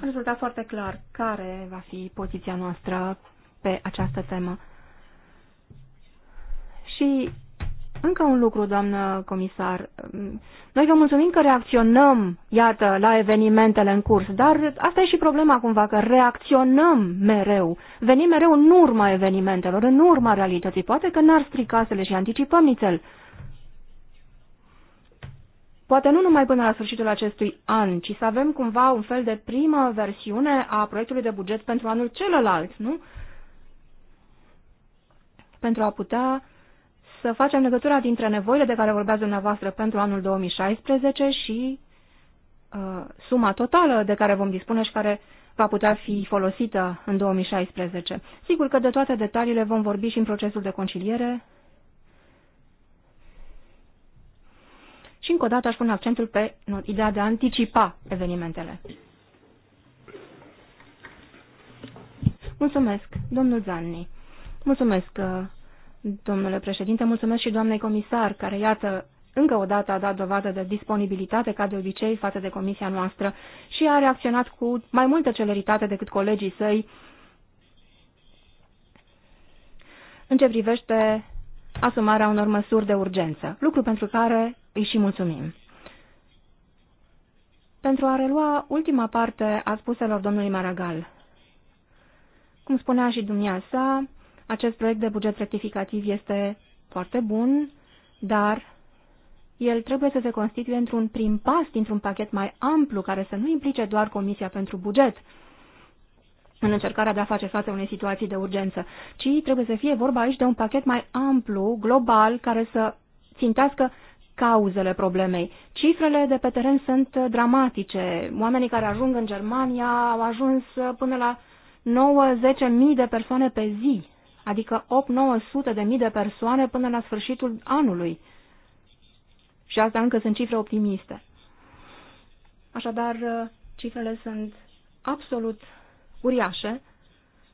a rezultat foarte clar care va fi poziția noastră pe această temă. Și încă un lucru, doamnă comisar. Noi vă mulțumim că reacționăm, iată, la evenimentele în curs, dar asta e și problema cumva, că reacționăm mereu. Venim mereu în urma evenimentelor, în urma realității. Poate că n-ar strica să le și anticipăm nițel poate nu numai până la sfârșitul acestui an, ci să avem cumva un fel de primă versiune a proiectului de buget pentru anul celălalt, nu? Pentru a putea să facem legătura dintre nevoile de care vorbeați dumneavoastră pentru anul 2016 și uh, suma totală de care vom dispune și care va putea fi folosită în 2016. Sigur că de toate detaliile vom vorbi și în procesul de conciliere și încă o dată aș pune accentul pe ideea de a anticipa evenimentele. Mulțumesc, domnul Zanni. Mulțumesc, uh, domnule președinte, mulțumesc și doamnei comisar, care, iată, încă o dată a dat dovadă de disponibilitate, ca de obicei, față de comisia noastră și a reacționat cu mai multă celeritate decât colegii săi în ce privește asumarea unor măsuri de urgență, lucru pentru care îi și mulțumim. Pentru a relua ultima parte a spuselor domnului Maragal. Cum spunea și dumneavoastră, acest proiect de buget rectificativ este foarte bun, dar el trebuie să se constituie într-un prim pas dintr-un pachet mai amplu, care să nu implice doar Comisia pentru Buget, în încercarea de a face față unei situații de urgență, ci trebuie să fie vorba aici de un pachet mai amplu, global, care să țintească cauzele problemei. Cifrele de pe teren sunt dramatice. Oamenii care ajung în Germania au ajuns până la 9-10 mii de persoane pe zi, adică 8-900 de mii de persoane până la sfârșitul anului. Și asta încă sunt cifre optimiste. Așadar, cifrele sunt absolut uriașe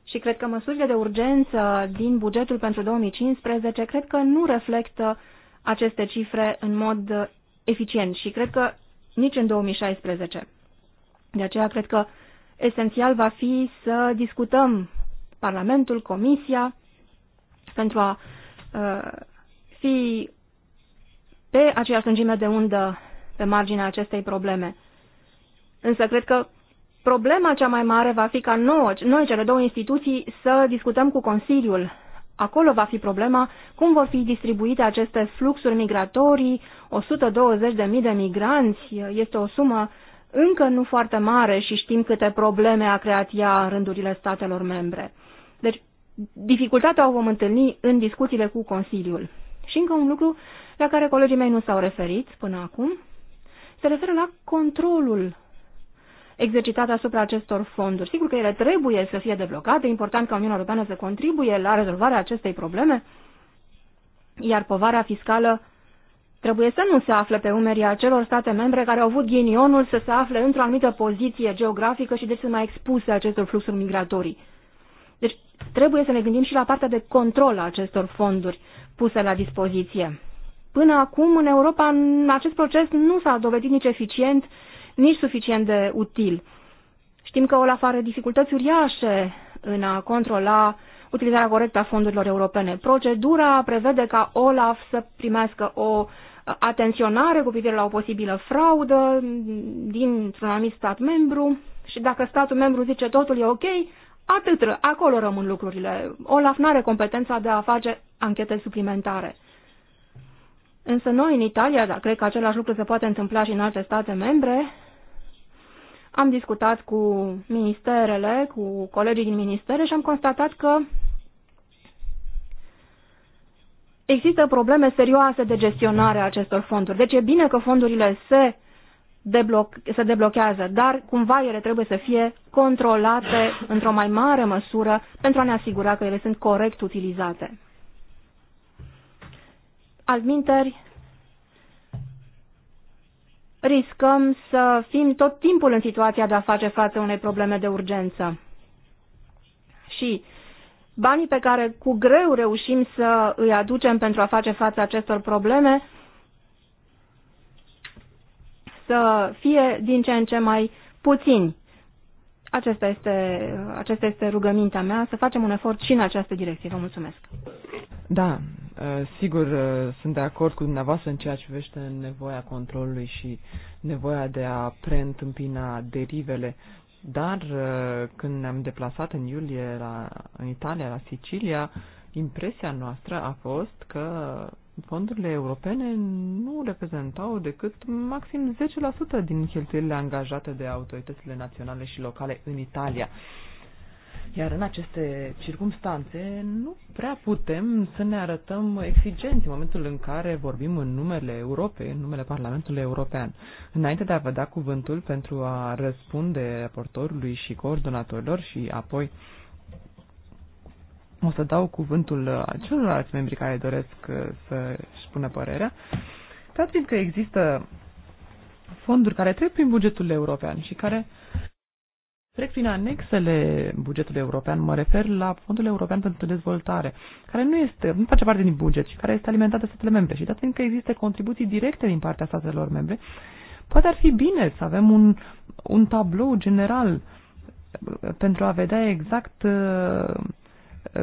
și cred că măsurile de urgență din bugetul pentru 2015 cred că nu reflectă aceste cifre în mod uh, eficient și cred că nici în 2016. De aceea cred că esențial va fi să discutăm Parlamentul, Comisia, pentru a uh, fi pe aceeași lungime de undă pe marginea acestei probleme. Însă cred că problema cea mai mare va fi ca noi, noi, cele două instituții, să discutăm cu Consiliul acolo va fi problema cum vor fi distribuite aceste fluxuri migratorii, 120.000 de migranți, este o sumă încă nu foarte mare și știm câte probleme a creat ea în rândurile statelor membre. Deci, dificultatea o vom întâlni în discuțiile cu Consiliul. Și încă un lucru la care colegii mei nu s-au referit până acum, se referă la controlul exercitat asupra acestor fonduri. Sigur că ele trebuie să fie deblocate, e important ca Uniunea Europeană să contribuie la rezolvarea acestei probleme, iar povara fiscală trebuie să nu se afle pe umerii acelor state membre care au avut ghinionul să se afle într-o anumită poziție geografică și deci sunt mai expuse acestor fluxuri migratorii. Deci trebuie să ne gândim și la partea de control a acestor fonduri puse la dispoziție. Până acum, în Europa, acest proces nu s-a dovedit nici eficient, nici suficient de util. Știm că OLAF are dificultăți uriașe în a controla utilizarea corectă a fondurilor europene. Procedura prevede ca OLAF să primească o atenționare cu privire la o posibilă fraudă dintr-un anumit stat membru și dacă statul membru zice totul e ok, atât, acolo rămân lucrurile. Olaf nu are competența de a face anchete suplimentare. Însă noi în Italia, dar cred că același lucru se poate întâmpla și în alte state membre, am discutat cu ministerele, cu colegii din ministere și am constatat că există probleme serioase de gestionare a acestor fonduri. Deci e bine că fondurile se, debloc- se deblochează, dar cumva ele trebuie să fie controlate într-o mai mare măsură pentru a ne asigura că ele sunt corect utilizate. Altminteri, riscăm să fim tot timpul în situația de a face față unei probleme de urgență. Și banii pe care cu greu reușim să îi aducem pentru a face față acestor probleme să fie din ce în ce mai puțini. Acesta este, acesta este rugămintea mea, să facem un efort și în această direcție. Vă mulțumesc. Da, uh, sigur, uh, sunt de acord cu dumneavoastră în ceea ce privește nevoia controlului și nevoia de a preîntâmpina derivele. Dar uh, când ne-am deplasat în iulie la, în Italia, la Sicilia, impresia noastră a fost că fondurile europene nu reprezentau decât maxim 10% din cheltuielile angajate de autoritățile naționale și locale în Italia. Iar în aceste circumstanțe nu prea putem să ne arătăm exigenți în momentul în care vorbim în numele Europei, în numele Parlamentului European. Înainte de a vă da cuvântul pentru a răspunde raportorului și coordonatorilor și apoi uh, o să dau cuvântul uh, celorlalți membri care doresc uh, să-și pună părerea, dat că există fonduri care trec prin bugetul european și care trec prin anexele bugetului european, mă refer la Fondul European pentru Dezvoltare, care nu, este, nu face parte din buget și care este alimentat de statele membre. Și dat că există contribuții directe din partea statelor membre, poate ar fi bine să avem un, un tablou general pentru a vedea exact uh,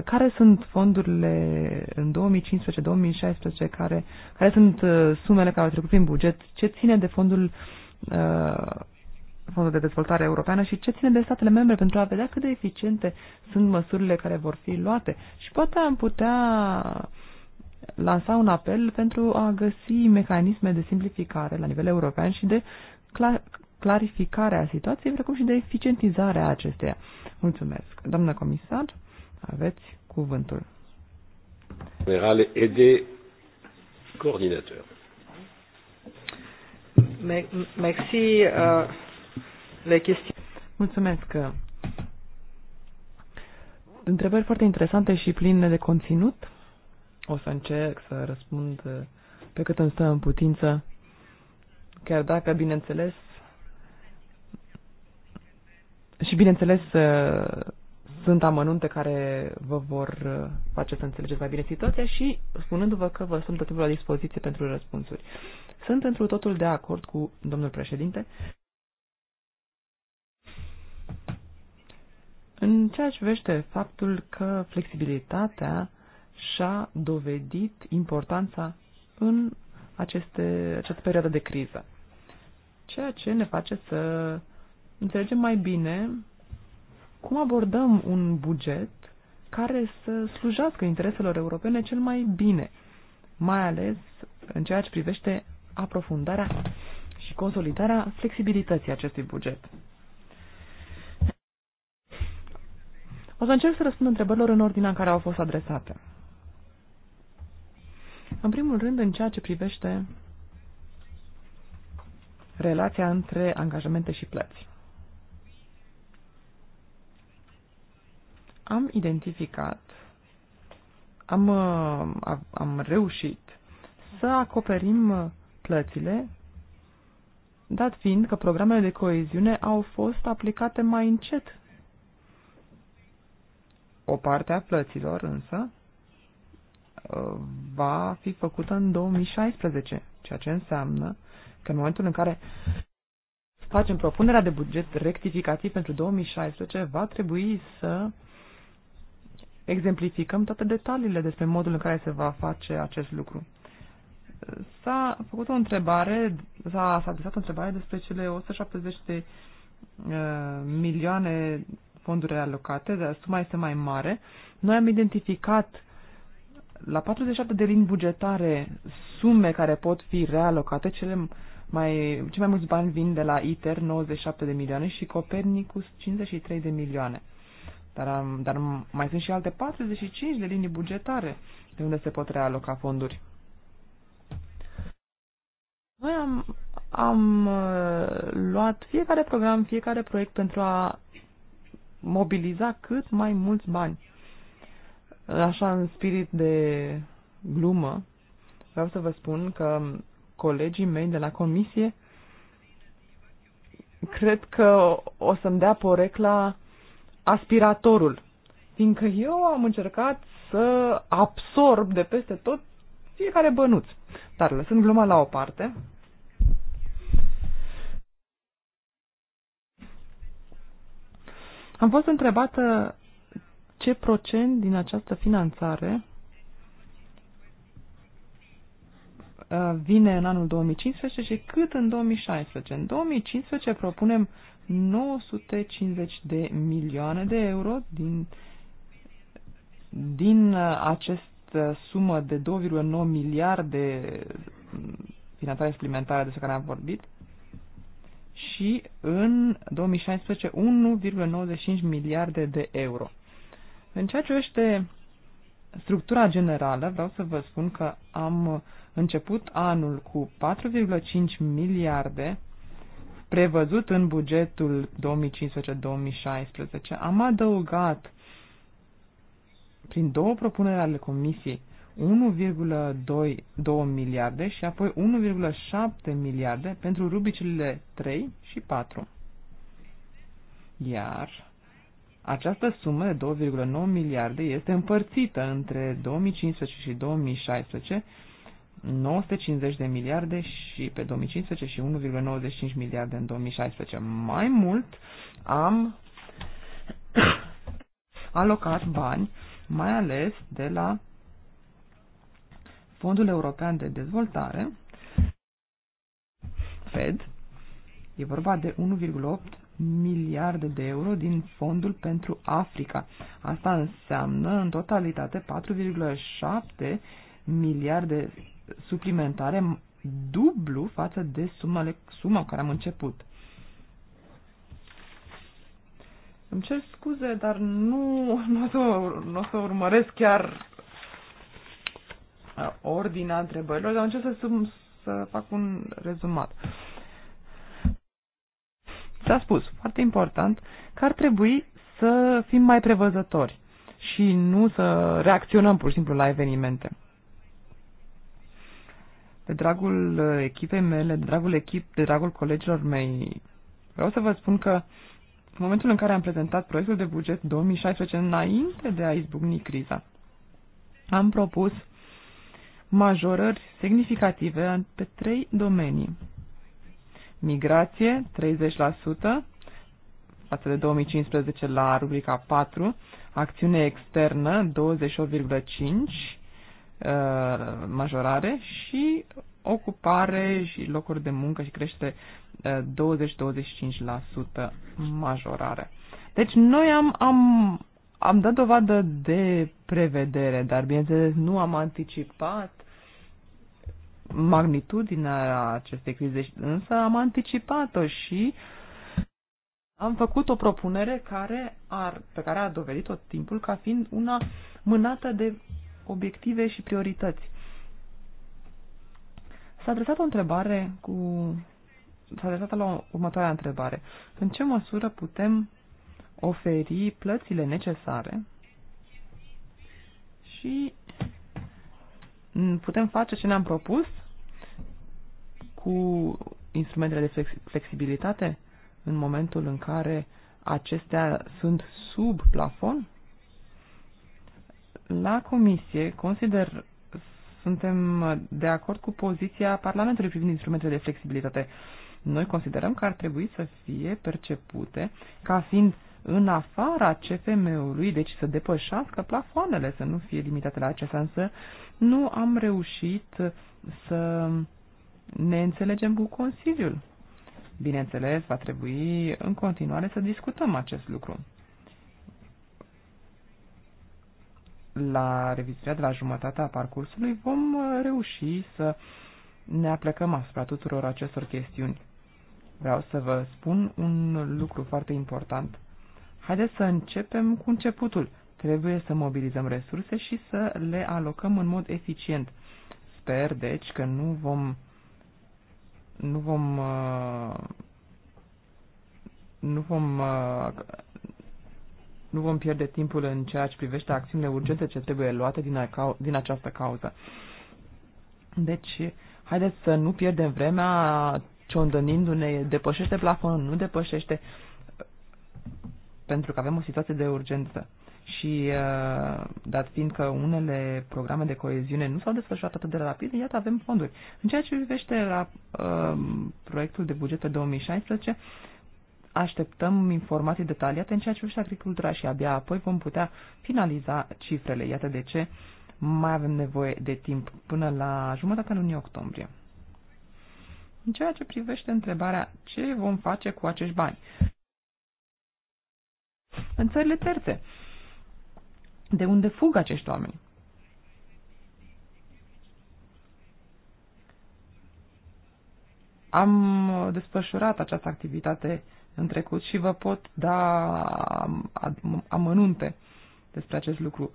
care sunt fondurile în 2015-2016, care, care sunt uh, sumele care au trecut prin buget, ce ține de fondul uh, fondul de dezvoltare europeană și ce ține de statele membre pentru a vedea cât de eficiente sunt măsurile care vor fi luate. Și poate am putea lansa un apel pentru a găsi mecanisme de simplificare la nivel european și de clar clarificare a situației, precum și de eficientizare a acesteia. Mulțumesc. Doamnă comisar. Aveți cuvântul. General et des coordinateurs. Merci. Uh, le chestii... Mulțumesc. Întrebări foarte interesante și pline de conținut. O să încerc să răspund pe cât îmi stă în putință, chiar dacă, bineînțeles, și bineînțeles, uh, sunt amănunte care vă vor uh, face să înțelegeți mai bine situația și spunându-vă că vă sunt tot timpul la dispoziție pentru răspunsuri. Sunt întru totul de acord cu domnul președinte. În ceea ce vește faptul că flexibilitatea și-a dovedit importanța în aceste, această perioadă de criză. Ceea ce ne face să înțelegem mai bine cum abordăm un buget care să slujească intereselor europene cel mai bine, mai ales în ceea ce privește aprofundarea și consolidarea flexibilității acestui buget? O să încerc să răspund întrebărilor în ordinea în care au fost adresate. În primul rând, în ceea ce privește relația între angajamente și plăți. am identificat, am, uh, am reușit să acoperim uh, plățile, dat fiind că programele de coeziune au fost aplicate mai încet. O parte a plăților însă uh, va fi făcută în 2016, ceea ce înseamnă că în momentul în care facem propunerea de buget rectificativ pentru 2016, va trebui să exemplificăm toate detaliile despre modul în care se va face acest lucru. S-a făcut o întrebare, s-a adresat o întrebare despre cele 170 de uh, milioane fonduri alocate, dar suma este mai mare. Noi am identificat la 47 de linii bugetare sume care pot fi realocate, cele mai, cei mai mulți bani vin de la ITER, 97 de milioane, și Copernicus, 53 de milioane dar, am, dar mai sunt și alte 45 de linii bugetare de unde se pot realoca fonduri. Noi am, am uh, luat fiecare program, fiecare proiect pentru a mobiliza cât mai mulți bani. Așa, în spirit de glumă, vreau să vă spun că colegii mei de la comisie cred că o să-mi dea porecla aspiratorul. Fiindcă eu am încercat să absorb de peste tot fiecare bănuț. Dar lăsând gluma la o parte, am fost întrebată ce procent din această finanțare uh, vine în anul 2015 și cât în 2016. În 2015 propunem 950 de milioane de euro din, din uh, această uh, sumă de 2,9 miliarde mm, finanțare suplimentară despre care am vorbit și în 2016 1,95 miliarde de euro. În ceea ce este structura generală, vreau să vă spun că am început anul cu 4,5 miliarde prevăzut în bugetul 2015-2016. Am adăugat prin două propuneri ale Comisiei 1,2 miliarde și apoi 1,7 miliarde pentru rubicile 3 și 4. Iar această sumă de 2,9 miliarde este împărțită între 2015 și 2016 950 de miliarde și pe 2015 și 1,95 miliarde în 2016. Mai mult am alocat bani, mai ales de la Fondul European de Dezvoltare, Fed, e vorba de 1,8 miliarde de euro din fondul pentru Africa. Asta înseamnă în totalitate 4,7 miliarde suplimentare dublu față de sumele, suma care am început. Îmi cer scuze, dar nu, nu, o, să, nu o să urmăresc chiar ordinea întrebărilor, dar încerc să, sum, să fac un rezumat. S-a spus, foarte important, că ar trebui să fim mai prevăzători și nu să reacționăm pur și simplu la evenimente de dragul uh, echipei mele, de dragul echip, de dragul colegilor mei, vreau să vă spun că în momentul în care am prezentat proiectul de buget 2016, înainte de a izbucni criza, am propus majorări semnificative pe trei domenii. Migrație, 30%, față de 2015 la rubrica 4, acțiune externă, 28,5%, Uh, majorare și ocupare și locuri de muncă și crește 20-25% uh, majorare. Deci noi am, am, am dat dovadă de prevedere, dar bineînțeles nu am anticipat magnitudinea acestei crize, însă am anticipat-o și am făcut o propunere care ar, pe care a dovedit-o timpul ca fiind una mânată de obiective și priorități. S-a adresat o întrebare cu... S-a adresat la următoarea întrebare. În ce măsură putem oferi plățile necesare și putem face ce ne-am propus cu instrumentele de flexibilitate în momentul în care acestea sunt sub plafon? La comisie consider suntem de acord cu poziția Parlamentului privind instrumentele de flexibilitate. Noi considerăm că ar trebui să fie percepute ca fiind în afara CFM-ului, deci să depășească plafoanele, să nu fie limitate la acest însă nu am reușit să ne înțelegem cu Consiliul. Bineînțeles, va trebui în continuare să discutăm acest lucru. la revizuirea de la jumătatea parcursului vom uh, reuși să ne aplecăm asupra tuturor acestor chestiuni. Vreau să vă spun un lucru foarte important. Haideți să începem cu începutul. Trebuie să mobilizăm resurse și să le alocăm în mod eficient. Sper, deci, că nu vom nu vom uh, nu vom uh, nu vom pierde timpul în ceea ce privește acțiunile urgente ce trebuie luate din, acau- din această cauză. Deci, haideți să nu pierdem vremea ciondănindu-ne, depășește plafonul, nu depășește, pentru că avem o situație de urgență. Și uh, dat fiind că unele programe de coeziune nu s-au desfășurat atât de rapid, iată avem fonduri. În ceea ce privește la uh, proiectul de buget pe 2016, așteptăm informații detaliate în ceea ce privește agricultura și abia apoi vom putea finaliza cifrele. Iată de ce mai avem nevoie de timp până la jumătatea lunii octombrie. În ceea ce privește întrebarea ce vom face cu acești bani în țările terțe, de unde fug acești oameni. Am desfășurat această activitate uh, în trecut și vă pot da amănunte despre acest lucru.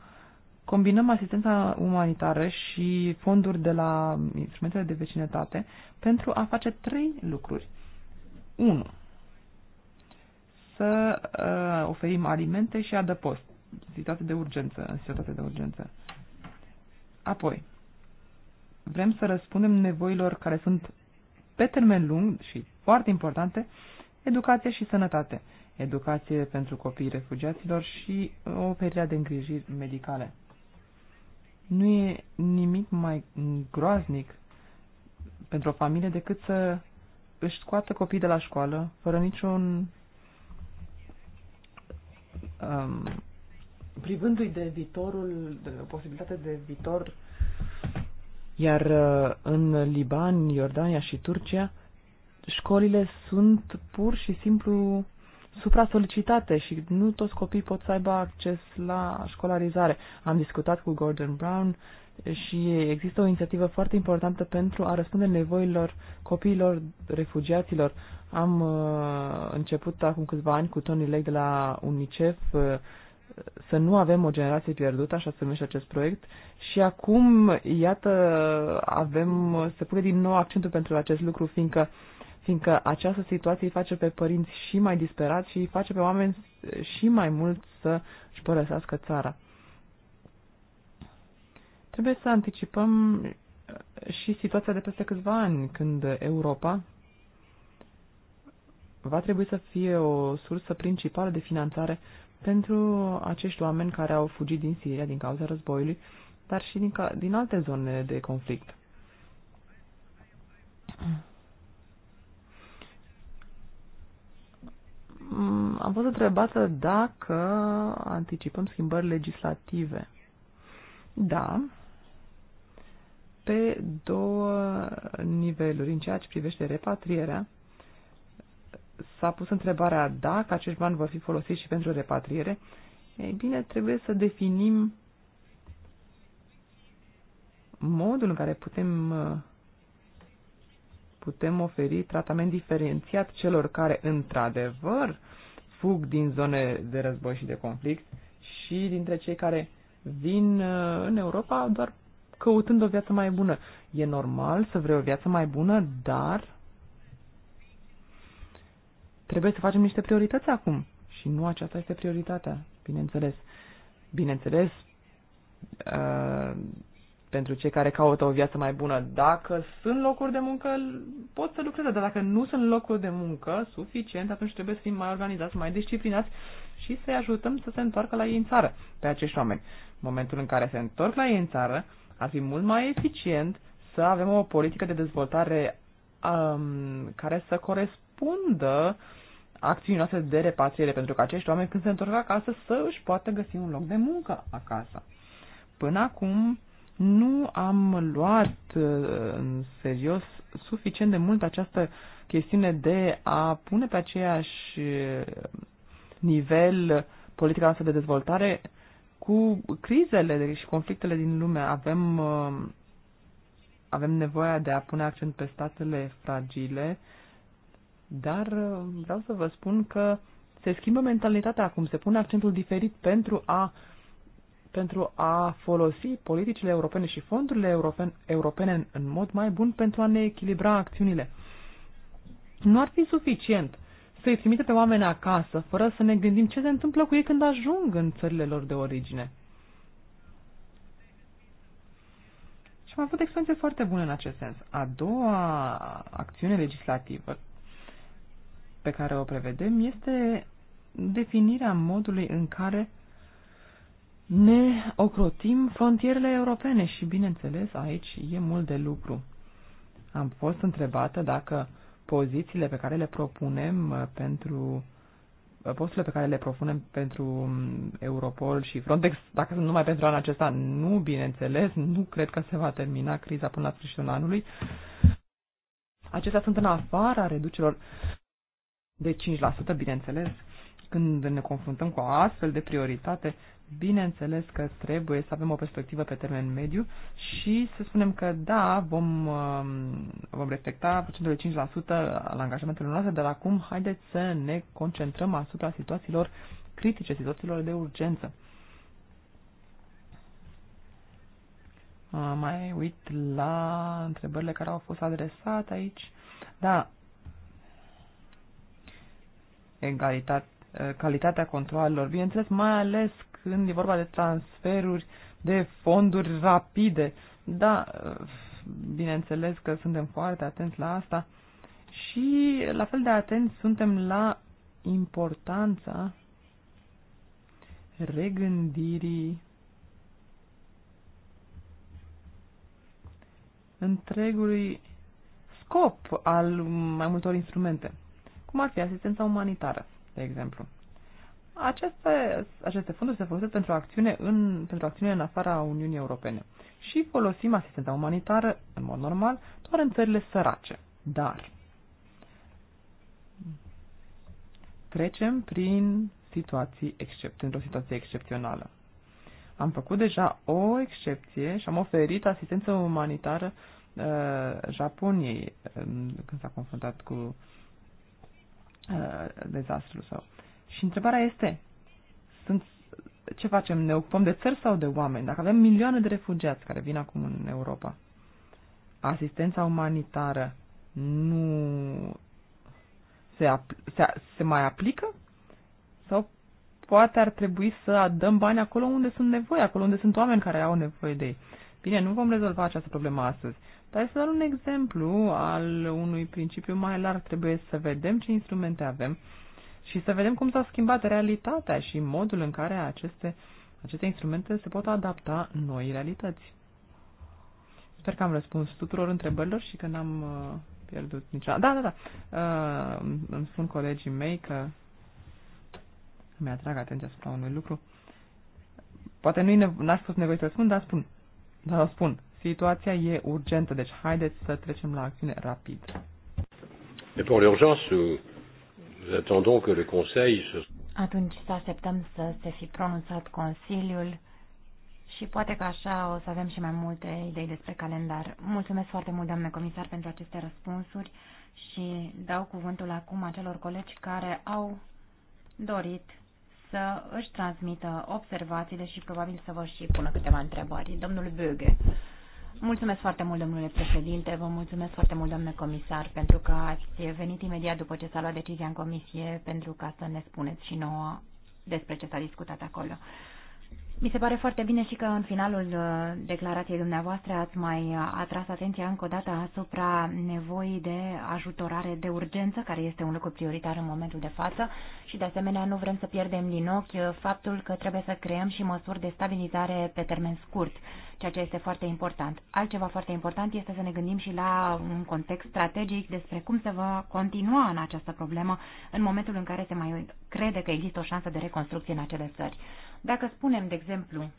Combinăm asistența umanitară și fonduri de la instrumentele de vecinătate pentru a face trei lucruri. 1. Să uh, oferim alimente și adăpost, situație de urgență, în situație de urgență. Apoi, vrem să răspundem nevoilor care sunt pe termen lung și foarte importante educație și sănătate, educație pentru copiii refugiaților și uh, o perioadă de îngrijiri medicale. Nu e nimic mai groaznic pentru o familie decât să își scoată copiii de la școală fără niciun um, privându-i de viitorul, de posibilitate de viitor, iar uh, în Liban, Iordania și Turcia, școlile sunt pur și simplu supra-solicitate și nu toți copiii pot să aibă acces la școlarizare. Am discutat cu Gordon Brown și există o inițiativă foarte importantă pentru a răspunde nevoilor copiilor refugiaților. Am uh, început acum câțiva ani cu Tony Lake de la UNICEF uh, să nu avem o generație pierdută, așa se numește acest proiect, și acum, iată, avem, se pune din nou accentul pentru acest lucru, fiindcă uh, fiindcă această situație îi face pe părinți și mai disperați și îi face pe oameni și mai mult să își părăsească țara. Trebuie să anticipăm uh, și situația de peste câțiva ani, când Europa va trebui să fie o sursă principală de finanțare pentru acești oameni care au fugit din Siria din cauza războiului, dar și din, din alte zone de conflict. Mm, am fost întrebată dacă anticipăm schimbări legislative. Da, pe două niveluri. În ceea ce privește repatrierea, s-a pus întrebarea dacă acești bani vor fi folosiți și pentru repatriere. Ei bine, trebuie să definim modul în care putem uh, putem oferi tratament diferențiat celor care, într-adevăr, fug din zone de război și de conflict și dintre cei care vin uh, în Europa doar căutând o viață mai bună. E normal să vrei o viață mai bună, dar trebuie să facem niște priorități acum. Și nu aceasta este prioritatea, bineînțeles. Bineînțeles, uh, pentru cei care caută o viață mai bună. Dacă sunt locuri de muncă, pot să lucreze, dar dacă nu sunt locuri de muncă suficient, atunci trebuie să fim mai organizați, mai disciplinați și să-i ajutăm să se întoarcă la ei în țară, pe acești oameni. În momentul în care se întorc la ei în țară, ar fi mult mai eficient să avem o politică de dezvoltare um, care să corespundă acțiunii noastre de repatriere, pentru că acești oameni când se întorc acasă să își poată găsi un loc de muncă acasă. Până acum nu am luat uh, în serios suficient de mult această chestiune de a pune pe aceeași uh, nivel politica noastră de dezvoltare cu crizele și conflictele din lume. Avem, uh, avem nevoia de a pune accent pe statele fragile, dar vreau să vă spun că se schimbă mentalitatea acum, se pune accentul diferit pentru a uh, pentru a folosi politicile europene și fondurile europen, europene în mod mai bun pentru a ne echilibra acțiunile. Nu ar fi suficient să-i trimite pe oameni acasă, fără să ne gândim ce se întâmplă cu ei când ajung în țările lor de origine. Și am avut experiențe foarte bune în acest sens. A doua acțiune legislativă pe care o prevedem este definirea modului în care ne ocrotim frontierele europene și, bineînțeles, aici e mult de lucru. Am fost întrebată dacă pozițiile pe care le propunem uh, pentru uh, posturile pe care le propunem pentru um, Europol și Frontex, dacă sunt numai pentru anul acesta, nu, bineînțeles, nu cred că se va termina criza până la sfârșitul anului. Acestea sunt în afara reducerilor de 5%, bineînțeles. Când ne confruntăm cu o astfel de prioritate, bineînțeles că trebuie să avem o perspectivă pe termen mediu și să spunem că da, vom, um, vom respecta procentul de 5% al angajamentelor noastre, dar acum haideți să ne concentrăm asupra situațiilor critice, situațiilor de urgență. Mai uit la întrebările care au fost adresate aici. Da, egalitate calitatea controlelor, bineînțeles, mai ales când e vorba de transferuri de fonduri rapide. Da, bineînțeles că suntem foarte atenți la asta și la fel de atenți suntem la importanța regândirii întregului scop al mai multor instrumente, cum ar fi asistența umanitară, de exemplu. Aceste, aceste fonduri se folosesc pentru acțiune în, pentru acțiune în afara Uniunii Europene și folosim asistența umanitară, în mod normal, doar în țările sărace. Dar trecem prin situații excepționale. într-o situație excepțională. Am făcut deja o excepție și am oferit asistență umanitară uh, Japoniei uh, când s-a confruntat cu uh, dezastrul sau. Și întrebarea este, sunt, ce facem? Ne ocupăm de țări sau de oameni? Dacă avem milioane de refugiați care vin acum în Europa, asistența umanitară nu se, apl- se, se mai aplică? Sau poate ar trebui să dăm bani acolo unde sunt nevoi, acolo unde sunt oameni care au nevoie de ei. Bine, nu vom rezolva această problemă astăzi, dar este doar un exemplu al unui principiu mai larg. Trebuie să vedem ce instrumente avem, și să vedem cum s-a schimbat realitatea și modul în care aceste, aceste instrumente se pot adapta noi realități. Sper că am răspuns tuturor întrebărilor și că n-am uh, pierdut niciodată. Da, da, da. Uh, îmi spun colegii mei că mi-atrag atenția asupra unui lucru. Poate nu n-aș fost nevoie să spun, dar spun. Dar o spun. Situația e urgentă, deci haideți să trecem la acțiune rapid. Et pour l'urgence, Nous attendons que le Conseil se... Atunci să așteptăm să se fi pronunțat Consiliul și poate că așa o să avem și mai multe idei despre calendar. Mulțumesc foarte mult, doamne comisar, pentru aceste răspunsuri și dau cuvântul acum acelor colegi care au dorit să își transmită observațiile și probabil să vă și pună câteva întrebări. Domnul Böge. Mulțumesc foarte mult, domnule președinte, vă mulțumesc foarte mult, domnule comisar, pentru că ați venit imediat după ce s-a luat decizia în comisie pentru ca să ne spuneți și nouă despre ce s-a discutat acolo. Mi se pare foarte bine și că în finalul uh, declarației dumneavoastră ați mai atras atenția încă o dată asupra nevoii de ajutorare de urgență, care este un lucru prioritar în momentul de față și de asemenea nu vrem să pierdem din ochi uh, faptul că trebuie să creăm și măsuri de stabilizare pe termen scurt ceea ce este foarte important. Altceva foarte important este să ne gândim și la un context strategic despre cum se va continua în această problemă în momentul în care se mai crede că există o șansă de reconstrucție în acele țări. Dacă spunem, de exemplu,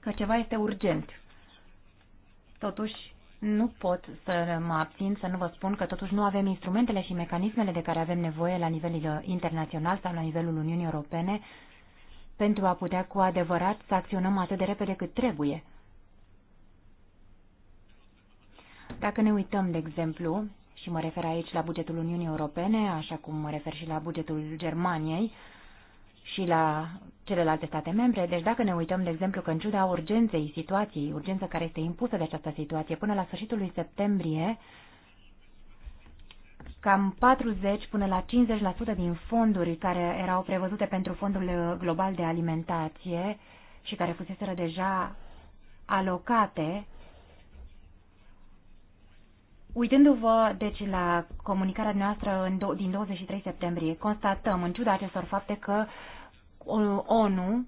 că ceva este urgent, totuși nu pot să mă abțin să nu vă spun că totuși nu avem instrumentele și mecanismele de care avem nevoie la nivel internațional sau la nivelul Uniunii Europene pentru a putea cu adevărat să acționăm atât de repede cât trebuie. Dacă ne uităm, de exemplu, și mă refer aici la bugetul Uniunii Europene, așa cum mă refer și la bugetul Germaniei și la celelalte state membre, deci dacă ne uităm, de exemplu, că în ciuda urgenței situației, urgență care este impusă de această situație, până la sfârșitul lui septembrie, cam 40 până la 50% din fonduri care erau prevăzute pentru fondul global de alimentație și care fuseseră deja alocate Uitându-vă, deci, la comunicarea noastră în do- din 23 septembrie, constatăm, în ciuda acestor fapte, că ONU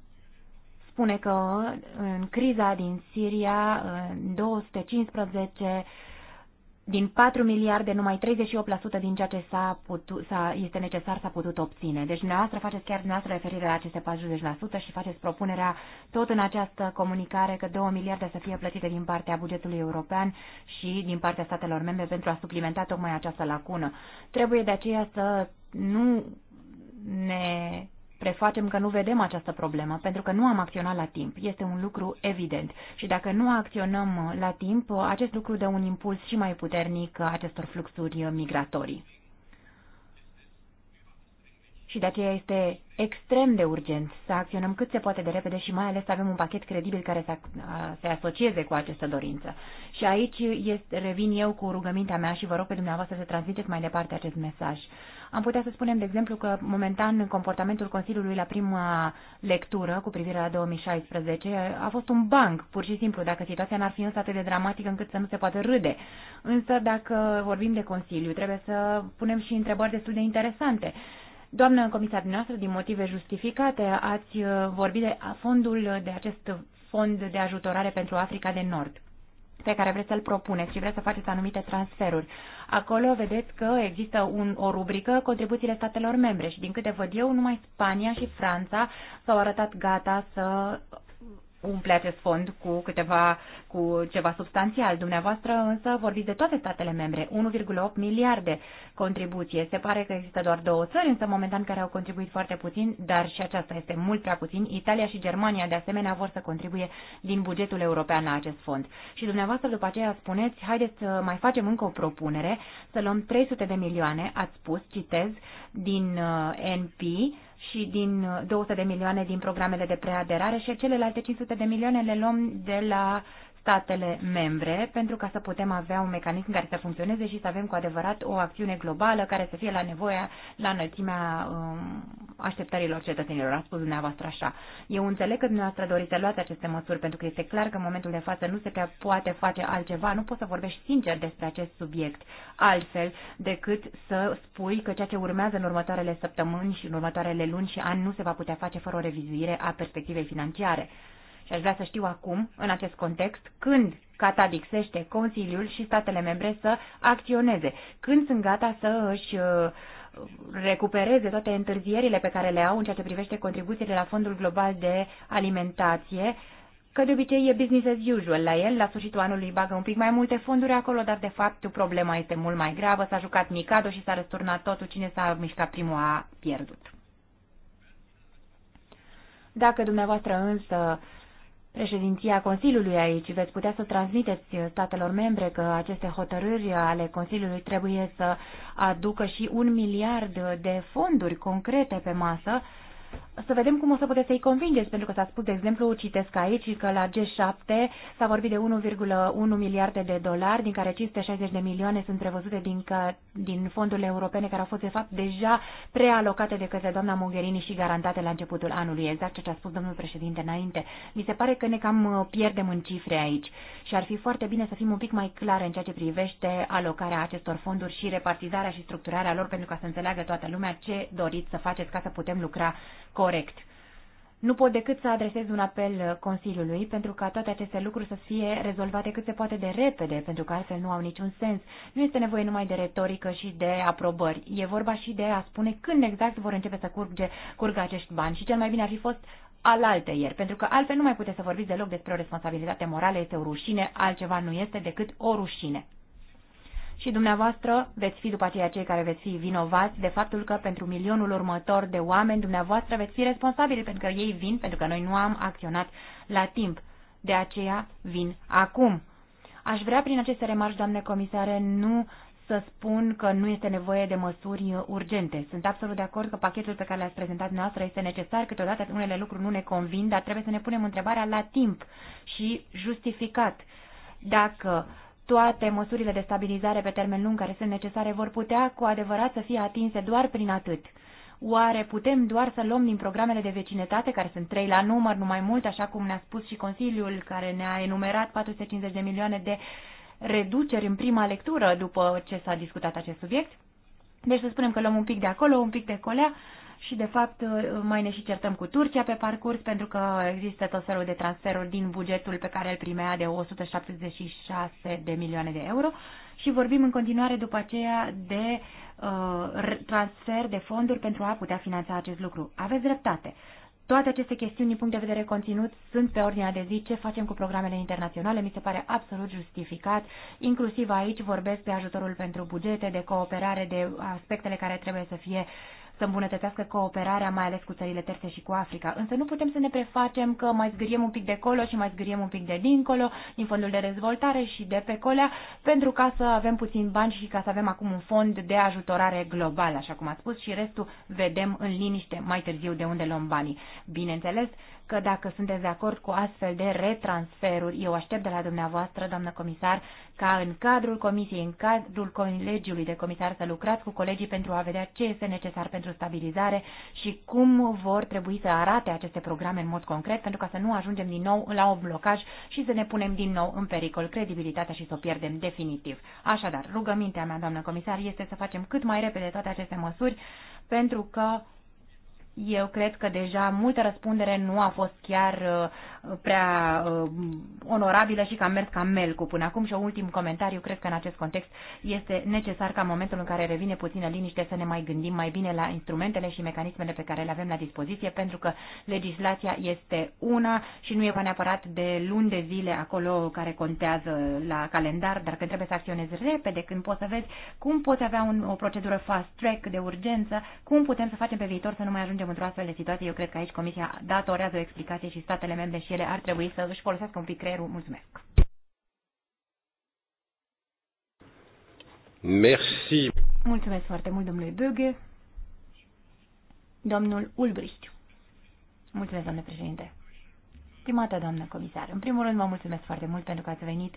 spune că în criza din Siria, în 215 din 4 miliarde, numai 38% din ceea ce s-a s-a, este necesar s-a putut obține. Deci dumneavoastră faceți chiar dumneavoastră referire la aceste 40% și faceți propunerea tot în această comunicare că 2 miliarde să fie plătite din partea bugetului european și din partea statelor membre pentru a suplimenta tocmai această lacună. Trebuie de aceea să nu ne prefacem că nu vedem această problemă, pentru că nu am acționat la timp. Este un lucru evident. Și dacă nu acționăm uh, la timp, uh, acest lucru dă un impuls și mai puternic uh, acestor fluxuri migratorii. Și de aceea este extrem de urgent să acționăm cât se poate de repede și mai ales să avem un pachet credibil care să se asocieze cu această dorință. Și aici este, revin eu cu rugămintea mea și vă rog pe dumneavoastră să transmiteți mai departe acest mesaj. Uh, am putea să spunem, de exemplu, că momentan comportamentul Consiliului la prima lectură cu privire la 2016 a fost un banc, pur și simplu, dacă situația n-ar fi însă atât de dramatică încât să nu se poată râde. Însă, dacă vorbim de Consiliu, trebuie să punem și întrebări destul de interesante. Doamnă comisar noastră, din motive justificate, ați vorbit de fondul de acest fond de ajutorare pentru Africa de Nord pe care vreți să-l propuneți și vreți să faceți anumite transferuri. Acolo vedeți că există un, o rubrică contribuțiile statelor membre și din câte văd eu, numai Spania și Franța s-au arătat gata să umple acest fond cu câteva, cu ceva substanțial. Dumneavoastră însă vorbiți de toate statele membre, 1,8 miliarde contribuție. Se pare că există doar două țări, însă momentan care au contribuit foarte puțin, dar și aceasta este mult prea puțin. Italia și Germania de asemenea vor să contribuie din bugetul european la acest fond. Și dumneavoastră după aceea spuneți, haideți să mai facem încă o propunere, să luăm 300 de milioane, ați spus, citez, din uh, NP, și din 200 uh, de milioane din programele de preaderare și celelalte 500 de milioane le luăm de la statele membre pentru ca să putem avea un mecanism care să funcționeze și să avem cu adevărat o acțiune globală care să fie la nevoia, la înălțimea um, așteptărilor cetățenilor. A spus dumneavoastră așa. Eu înțeleg că dumneavoastră doriți să luați aceste măsuri pentru că este clar că în momentul de față nu se prea poate face altceva. Nu poți să vorbești sincer despre acest subiect altfel decât să spui că ceea ce urmează în următoarele săptămâni și în următoarele luni și ani nu se va putea face fără o revizuire a perspectivei financiare. Și aș vrea să știu acum, în acest context, când catadixește Consiliul și statele membre să acționeze, când sunt gata să își uh, recupereze toate întârzierile pe care le au în ceea ce privește contribuțiile la Fondul Global de Alimentație, că de obicei e business as usual la el, la sfârșitul anului bagă un pic mai multe fonduri acolo, dar de fapt problema este mult mai gravă, s-a jucat Mikado și s-a răsturnat totul, cine s-a mișcat primul a pierdut. Dacă dumneavoastră însă președinția Consiliului aici. Veți putea să transmiteți statelor membre că aceste hotărâri ale Consiliului trebuie să aducă și un miliard de fonduri concrete pe masă să vedem cum o să puteți să-i convingeți, pentru că s-a spus, de exemplu, citesc aici că la G7 s-a vorbit de 1,1 miliarde de dolari, din care 560 de milioane sunt prevăzute din, că, din fondurile europene care au fost, de fapt, deja prealocate de către doamna Mogherini și garantate la începutul anului, exact ce a spus domnul președinte înainte. Mi se pare că ne cam uh, pierdem în cifre aici și ar fi foarte bine să fim un pic mai clare în ceea ce privește alocarea acestor fonduri și repartizarea și structurarea lor, pentru ca să înțeleagă toată lumea ce doriți să faceți ca să putem lucra corect. Nu pot decât să adresez un apel uh, Consiliului pentru ca toate aceste lucruri să fie rezolvate cât se poate de repede, pentru că altfel nu au niciun sens. Nu este nevoie numai de retorică și de aprobări. E vorba și de a spune când exact vor începe să curge, curgă acești bani și cel mai bine ar fi fost alaltă ieri, pentru că altfel nu mai puteți să vorbiți deloc despre o responsabilitate morală, este o rușine, altceva nu este decât o rușine și dumneavoastră veți fi după aceea cei care veți fi vinovați de faptul că pentru milionul următor de oameni dumneavoastră veți fi responsabili pentru că ei vin, pentru că noi nu am acționat la timp. De aceea vin acum. Aș vrea prin aceste remarci, doamne comisare, nu să spun că nu este nevoie de măsuri urgente. Sunt absolut de acord că pachetul pe care l-ați prezentat noastră este necesar, câteodată unele lucruri nu ne convin, dar trebuie să ne punem întrebarea la timp și justificat. Dacă uh, toate măsurile de stabilizare pe termen lung care sunt necesare vor putea cu adevărat să fie atinse doar prin atât. Oare putem doar să luăm din programele de vecinătate, care sunt trei la număr, nu mai mult, așa cum ne-a spus și Consiliul, care ne-a enumerat 450 de milioane de reduceri în prima lectură după ce s-a discutat acest subiect? Deci să spunem că luăm un pic de acolo, un pic de colea, și, de fapt, mai ne și certăm cu Turcia pe parcurs, pentru că există tot felul de transferuri din bugetul pe care îl primea de 176 de milioane de euro și vorbim în continuare după aceea de uh, transfer de fonduri pentru a putea finanța acest lucru. Aveți dreptate. Toate aceste chestiuni, din punct de vedere conținut, sunt pe ordinea de zi. Ce facem cu programele internaționale mi se pare absolut justificat. Inclusiv aici vorbesc de ajutorul pentru bugete, de cooperare, de aspectele care trebuie să fie uh, să îmbunătățească cooperarea, mai ales cu țările terțe și cu Africa. Însă nu putem să ne prefacem că mai zgâriem un pic de colo și mai zgâriem un pic de dincolo, din fondul de dezvoltare și de pe colea, pentru ca să avem puțin bani și ca să avem acum un fond de ajutorare global, așa cum a spus, și restul vedem în liniște mai târziu de unde luăm banii. Bineînțeles, că dacă sunteți de acord cu astfel de retransferuri, eu aștept de la dumneavoastră, doamnă comisar, ca în cadrul comisiei, în cadrul colegiului de comisar să lucrați cu colegii pentru a vedea ce este necesar pentru stabilizare și cum vor trebui să arate aceste programe în mod concret, pentru ca să nu ajungem din nou la un blocaj și să ne punem din nou în pericol credibilitatea și să o pierdem definitiv. Așadar, rugămintea mea, doamnă comisar, este să facem cât mai repede toate aceste măsuri, pentru că eu cred că deja multă răspundere nu a fost chiar uh, prea uh, onorabilă și că am mers cam melcu până acum. Și un ultim comentariu, cred că în acest context este necesar ca în momentul în care revine puțină liniște să ne mai gândim mai bine la instrumentele și mecanismele pe care le avem la dispoziție, pentru că legislația este una și nu e neapărat de luni de zile acolo care contează la calendar, dar când trebuie să acționezi repede, când poți să vezi cum poți avea un, o procedură fast track de urgență, cum putem să facem pe viitor să nu mai ajungem într-o astfel de situație. Eu cred că aici Comisia datorează o explicație și statele membre și ele ar trebui să își folosească un pic creierul. Mulțumesc! Merci. Mulțumesc foarte mult, domnule Böge. Domnul Ulbricht. Mulțumesc, domnule președinte. Stimată doamnă comisar, în primul rând vă mulțumesc foarte mult pentru că ați venit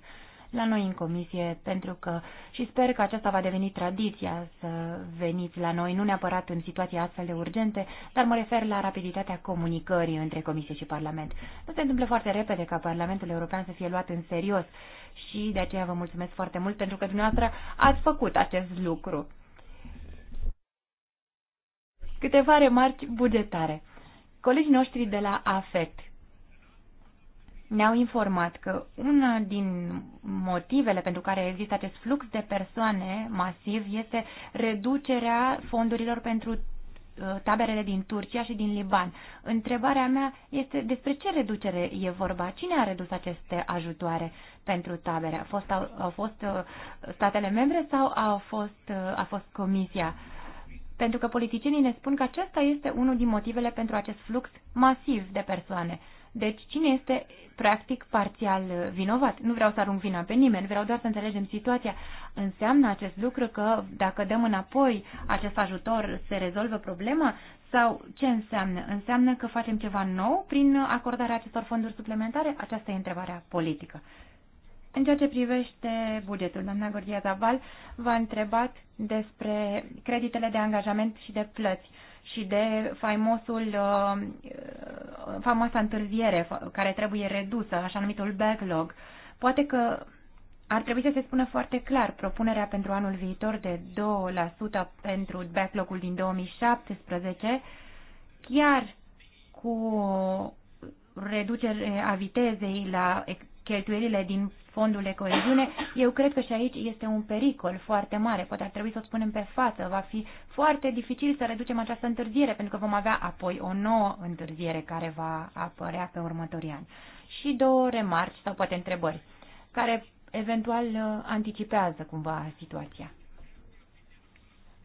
la noi în comisie, pentru că și sper că aceasta va deveni tradiția să veniți la noi, nu neapărat în situații astfel de urgente, dar mă refer la rapiditatea comunicării între comisie și Parlament. Nu se întâmplă foarte repede ca Parlamentul European să fie luat în serios și de aceea vă mulțumesc foarte mult pentru că dumneavoastră ați făcut acest lucru. Câteva remarci bugetare. Colegii noștri de la AFET, ne-au informat că una din motivele pentru care există acest flux de persoane masiv este reducerea fondurilor pentru uh, taberele din Turcia și din Liban. Întrebarea mea este despre ce reducere e vorba? Cine a redus aceste ajutoare pentru tabere? Au fost, au, au fost uh, statele membre sau au fost, uh, a fost comisia? Pentru că politicienii ne spun că acesta este unul din motivele pentru acest flux masiv de persoane. Deci cine este practic parțial uh, vinovat? Nu vreau să arunc vina pe nimeni, vreau doar să înțelegem situația. Înseamnă acest lucru că dacă dăm înapoi acest ajutor se rezolvă problema? Sau ce înseamnă? Înseamnă că facem ceva nou prin acordarea acestor fonduri suplimentare? Aceasta e întrebarea politică. În ceea ce privește bugetul, doamna Gordia Zabal v-a întrebat despre creditele de angajament și de plăți și de faimosul, uh, uh, faimoasa întârziere care trebuie redusă, așa numitul backlog. Poate că ar trebui să se spună foarte clar propunerea pentru anul viitor de 2% pentru backlog-ul din 2017, chiar cu reducere a vitezei la cheltuielile din fondul de coeziune, eu cred că și aici este un pericol foarte mare. Poate ar trebui să o spunem pe față. Va fi foarte dificil să reducem această întârziere, pentru că vom avea apoi o nouă întârziere care va apărea pe următorii ani. Și două remarci sau poate întrebări, care eventual uh, anticipează cumva situația.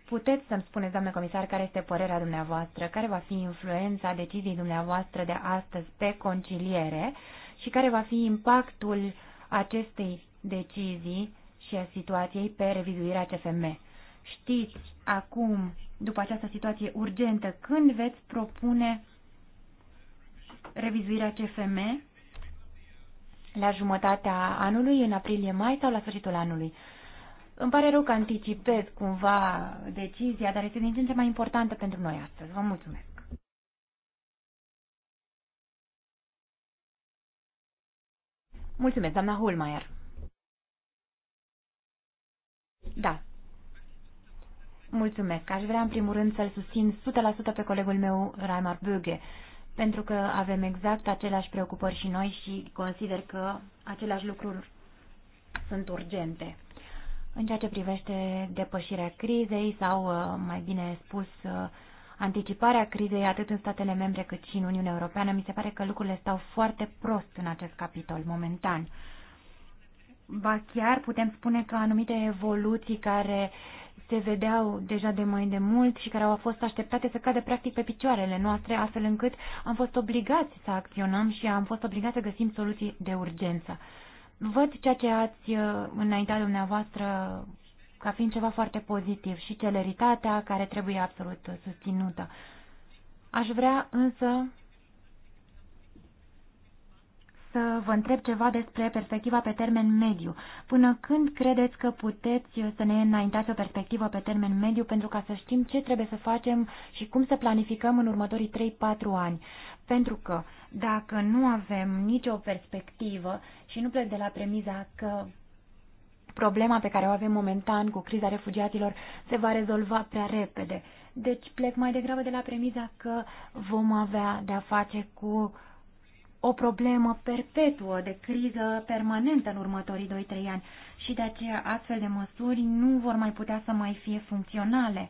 Puteți să-mi spuneți, doamne comisar, care este părerea dumneavoastră, care va fi influența deciziei dumneavoastră de astăzi pe conciliere și care va fi impactul uh, acestei decizii și a situației pe revizuirea CFM. Știți acum, după această situație urgentă, când veți propune revizuirea CFM la jumătatea anului, în aprilie-mai sau la sfârșitul anului. Îmi pare rău că anticipez cumva decizia, dar este din ce în ce mai importantă pentru noi astăzi. Vă mulțumesc! Mulțumesc, doamna Holmeier. Da. Mulțumesc. Aș vrea în primul rând să-l susțin 100% pe colegul meu, Raimar Böge, pentru că avem exact aceleași preocupări și noi și consider că aceleași lucruri sunt urgente. În ceea ce privește depășirea crizei sau, uh, mai bine spus, uh, anticiparea crizei atât în statele membre cât și în Uniunea Europeană, mi se pare că lucrurile stau foarte prost în acest capitol momentan. Ba chiar putem spune că anumite evoluții care se vedeau deja de mai de mult și care au fost așteptate să cadă practic pe picioarele noastre, astfel încât am fost obligați să acționăm și am fost obligați să găsim soluții de urgență. Văd ceea ce ați uh, înaintea dumneavoastră ca fiind ceva foarte pozitiv și celeritatea care trebuie absolut susținută. Aș vrea însă să vă întreb ceva despre perspectiva pe termen mediu. Până când credeți că puteți să ne înaintați o perspectivă pe termen mediu pentru ca să știm ce trebuie să facem și cum să planificăm în următorii 3-4 ani? Pentru că dacă nu avem nicio perspectivă și nu plec de la premiza că problema pe care o avem momentan cu criza refugiaților se va rezolva prea repede. Deci plec mai degrabă de la premiza că vom avea de-a face cu o problemă perpetuă de criză permanentă în următorii 2-3 ani și de aceea astfel de măsuri nu vor mai putea să mai fie funcționale.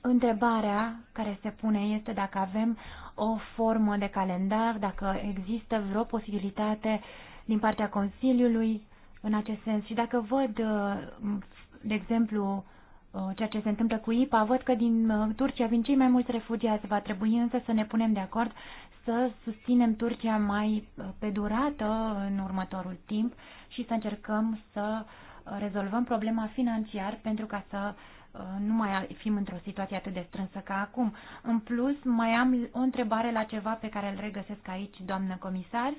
Întrebarea care se pune este dacă avem o formă de calendar, dacă există vreo posibilitate din partea Consiliului în acest sens. Și dacă văd, uh, de exemplu, uh, ceea ce se întâmplă cu IPA, văd că din uh, Turcia vin cei mai mulți refugiați. Va trebui însă să ne punem de acord să susținem Turcia mai pe durată în următorul timp și să încercăm să rezolvăm problema financiar pentru ca să Uh, nu mai fim într-o situație atât de strânsă ca acum. În plus, mai am o întrebare la ceva pe care îl regăsesc aici, doamnă comisar.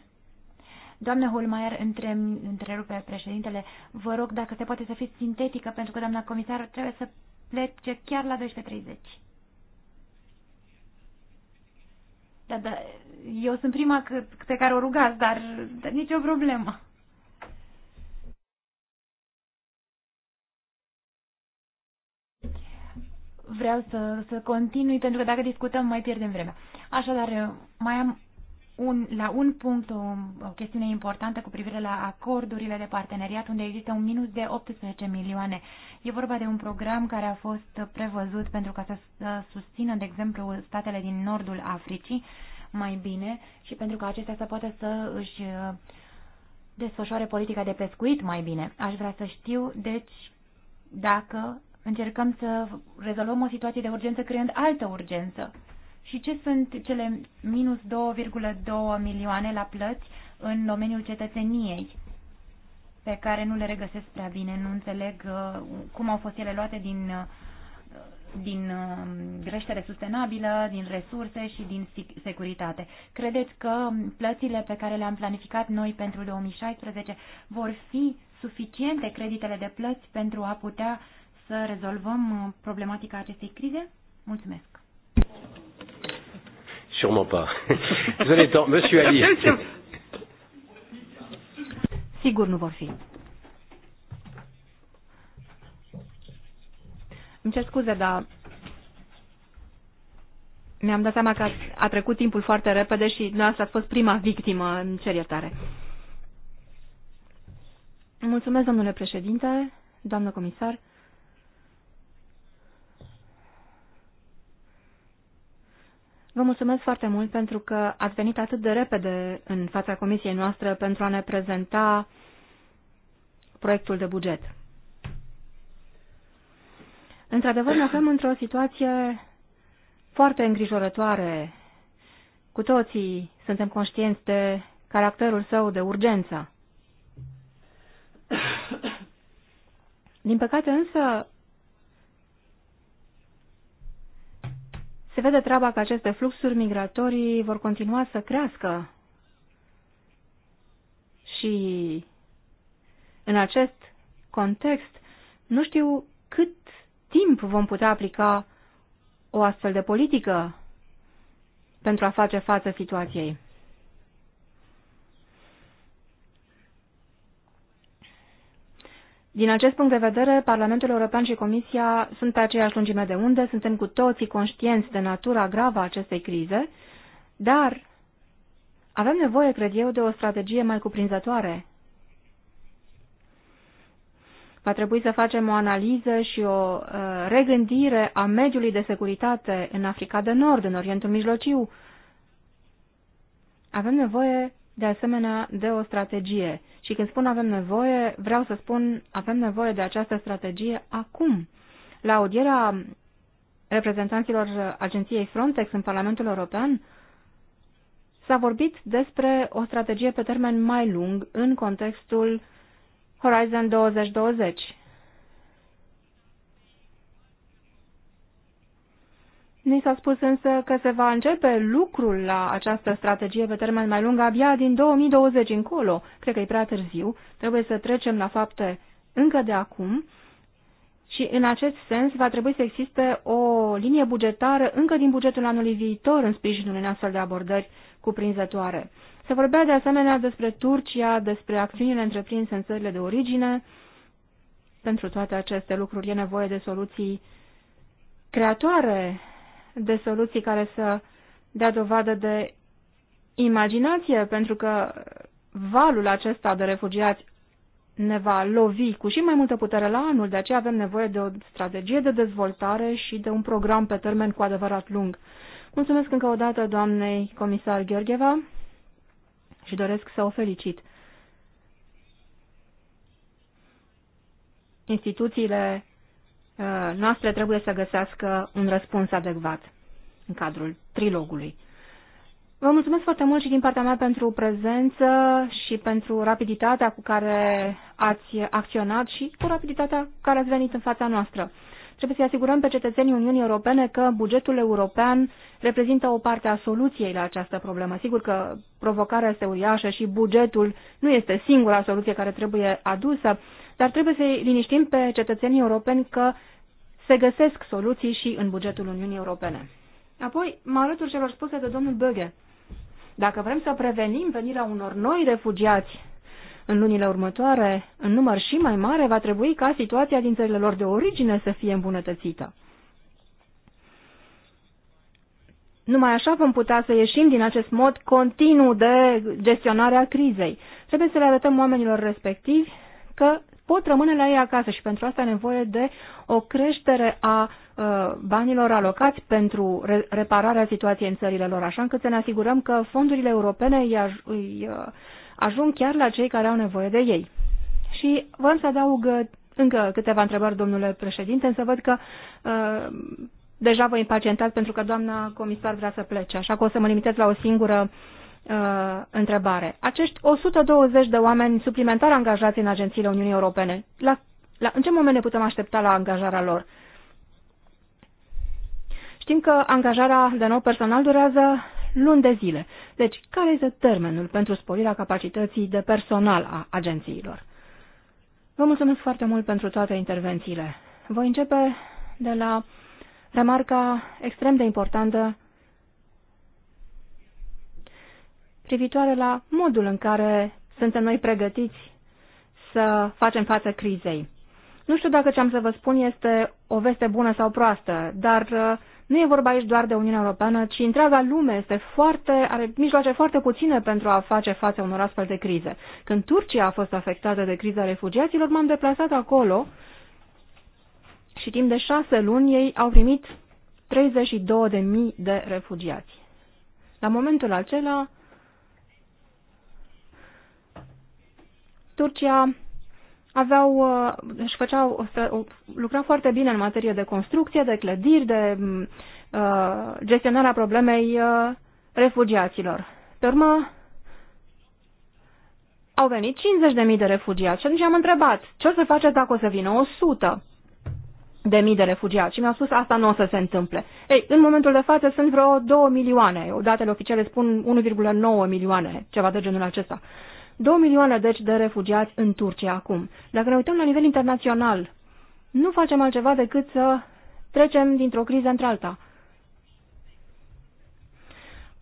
Doamna Holmeier, între, întrerupe președintele, vă rog dacă se poate să fiți sintetică, pentru că doamna comisar trebuie să plece chiar la 12.30. Da, da, eu sunt prima pe care o rugați, dar, dar nicio problemă. vreau să, să continui, pentru că dacă discutăm mai pierdem vremea. Așadar, mai am un, la un punct o, o chestiune importantă cu privire la acordurile de parteneriat, unde există un minus de 18 milioane. E vorba de un program care a fost prevăzut pentru ca să, să susțină, de exemplu, statele din nordul Africii mai bine și pentru ca acestea să poată să își uh, desfășoare politica de pescuit mai bine. Aș vrea să știu, deci, dacă încercăm să rezolvăm o situație de urgență creând altă urgență. Și ce sunt cele minus 2,2 milioane la plăți în domeniul cetățeniei, pe care nu le regăsesc prea bine, nu înțeleg uh, cum au fost ele luate din, uh, din greștere uh, sustenabilă, din resurse și din securitate. Credeți că plățile pe care le-am planificat noi pentru 2016 vor fi suficiente creditele de plăți pentru a putea uh, să rezolvăm uh, problematica acestei crize? Mulțumesc! Sûrement pas. Vous avez tort, monsieur Ali. Sigur nu vor fi. Îmi cer scuze, dar mi-am dat seama că a, a trecut timpul foarte repede și dumneavoastră a fost prima victimă. în cer iertare. Mulțumesc, domnule președinte, doamnă comisar. Vă mulțumesc foarte mult pentru că ați venit atât de repede în fața comisiei noastre pentru a ne prezenta proiectul de buget. Într-adevăr, ne aflăm într-o situație foarte îngrijorătoare. Cu toții suntem conștienți de caracterul său de urgență. Din păcate însă, se vede treaba că aceste fluxuri migratorii vor continua să crească. Și în acest context, nu știu cât timp vom putea aplica o astfel de politică pentru a face față situației. Din acest punct de vedere, Parlamentul European și Comisia sunt pe aceeași lungime de unde, suntem cu toții conștienți de natura gravă a acestei crize, dar avem nevoie, cred eu, de o strategie mai cuprinzătoare. Va trebui să facem o analiză și o uh, regândire a mediului de securitate în Africa de Nord, în Orientul Mijlociu. Avem nevoie de asemenea de o strategie. Și când spun avem nevoie, vreau să spun avem nevoie de această strategie acum. La audierea reprezentanților agenției Frontex în Parlamentul European, s-a vorbit despre o strategie pe termen mai lung în contextul Horizon 2020. Ni s-a spus însă că se va începe lucrul la această strategie pe termen mai lung abia din 2020 încolo. Cred că e prea târziu, trebuie să trecem la fapte încă de acum și în acest sens va trebui să existe o linie bugetară încă din bugetul anului viitor în sprijinul unei astfel de abordări cuprinzătoare. Se vorbea de asemenea despre Turcia, despre acțiunile întreprinse în țările de origine. Pentru toate aceste lucruri e nevoie de soluții creatoare de soluții care să dea dovadă de imaginație, pentru că valul acesta de refugiați ne va lovi cu și mai multă putere la anul, de aceea avem nevoie de o strategie de dezvoltare și de un program pe termen cu adevărat lung. Mulțumesc încă o dată doamnei comisar Gheorgheva și doresc să o felicit. Instituțiile Uh, noastre trebuie să găsească un răspuns adecvat în cadrul trilogului. Vă mulțumesc foarte mult și din partea mea pentru prezență și pentru rapiditatea cu care ați acționat și cu rapiditatea cu care ați venit în fața noastră. Trebuie să-i asigurăm pe cetățenii Uniunii Europene că bugetul european reprezintă o parte a soluției la această problemă. Sigur că provocarea este uriașă și bugetul nu este singura soluție care trebuie adusă, dar trebuie să-i liniștim pe cetățenii europeni că se găsesc soluții și în bugetul Uniunii Europene. Apoi, mă alătur celor spuse de domnul Böge. Dacă vrem să prevenim venirea unor noi refugiați în lunile următoare, în număr și mai mare, va trebui ca situația din țările lor de origine să fie îmbunătățită. Numai așa vom putea să ieșim din acest mod continuu de gestionare a crizei. Trebuie să le arătăm oamenilor respectivi că pot rămâne la ei acasă și pentru asta e nevoie de o creștere a uh, banilor alocați pentru repararea situației în țările lor, așa încât să ne asigurăm că fondurile europene îi uh, ajung chiar la cei care au nevoie de ei. Și vreau să adaug uh, încă câteva întrebări, domnule președinte, însă văd că uh, deja vă impacientați pentru că doamna comisar vrea să plece, așa că o să mă limitez la o singură uh, uh, întrebare. Acești 120 de oameni suplimentari angajați în agențiile Uniunii Europene, la, la, în ce moment ne putem aștepta la angajarea lor? Știm că angajarea de nou personal durează luni de zile. Deci, care este termenul pentru sporirea capacității de personal a agențiilor? Vă mulțumesc foarte mult pentru toate intervențiile. Voi începe de la remarca extrem de importantă privitoare la modul în care suntem noi pregătiți să facem față crizei. Nu știu dacă ce am să vă spun este o veste bună sau proastă, dar uh, nu e vorba aici doar de Uniunea Europeană, ci întreaga lume este foarte, are mijloace foarte puține pentru a face față unor astfel de crize. Când Turcia a fost afectată de criza refugiaților, m-am deplasat acolo și timp de șase luni ei au primit 32.000 de refugiați. La momentul acela, Turcia aveau, uh, își făceau, lucra foarte bine în materie de construcție, de clădiri, de mm, uh, gestionarea problemei uh, refugiaților. Pe urmă, au venit 50.000 de refugiați și atunci am întrebat, ce o să faceți dacă o să vină 100? de mii de refugiați și mi-au spus asta nu o să se întâmple. Ei, în momentul de față sunt vreo 2 milioane, datele oficiale spun 1,9 milioane, ceva de genul acesta. Uh, 2 milioane, deci, de refugiați în Turcia acum. Dacă ne uităm la nivel internațional, nu facem altceva decât să trecem dintr-o criză într-alta.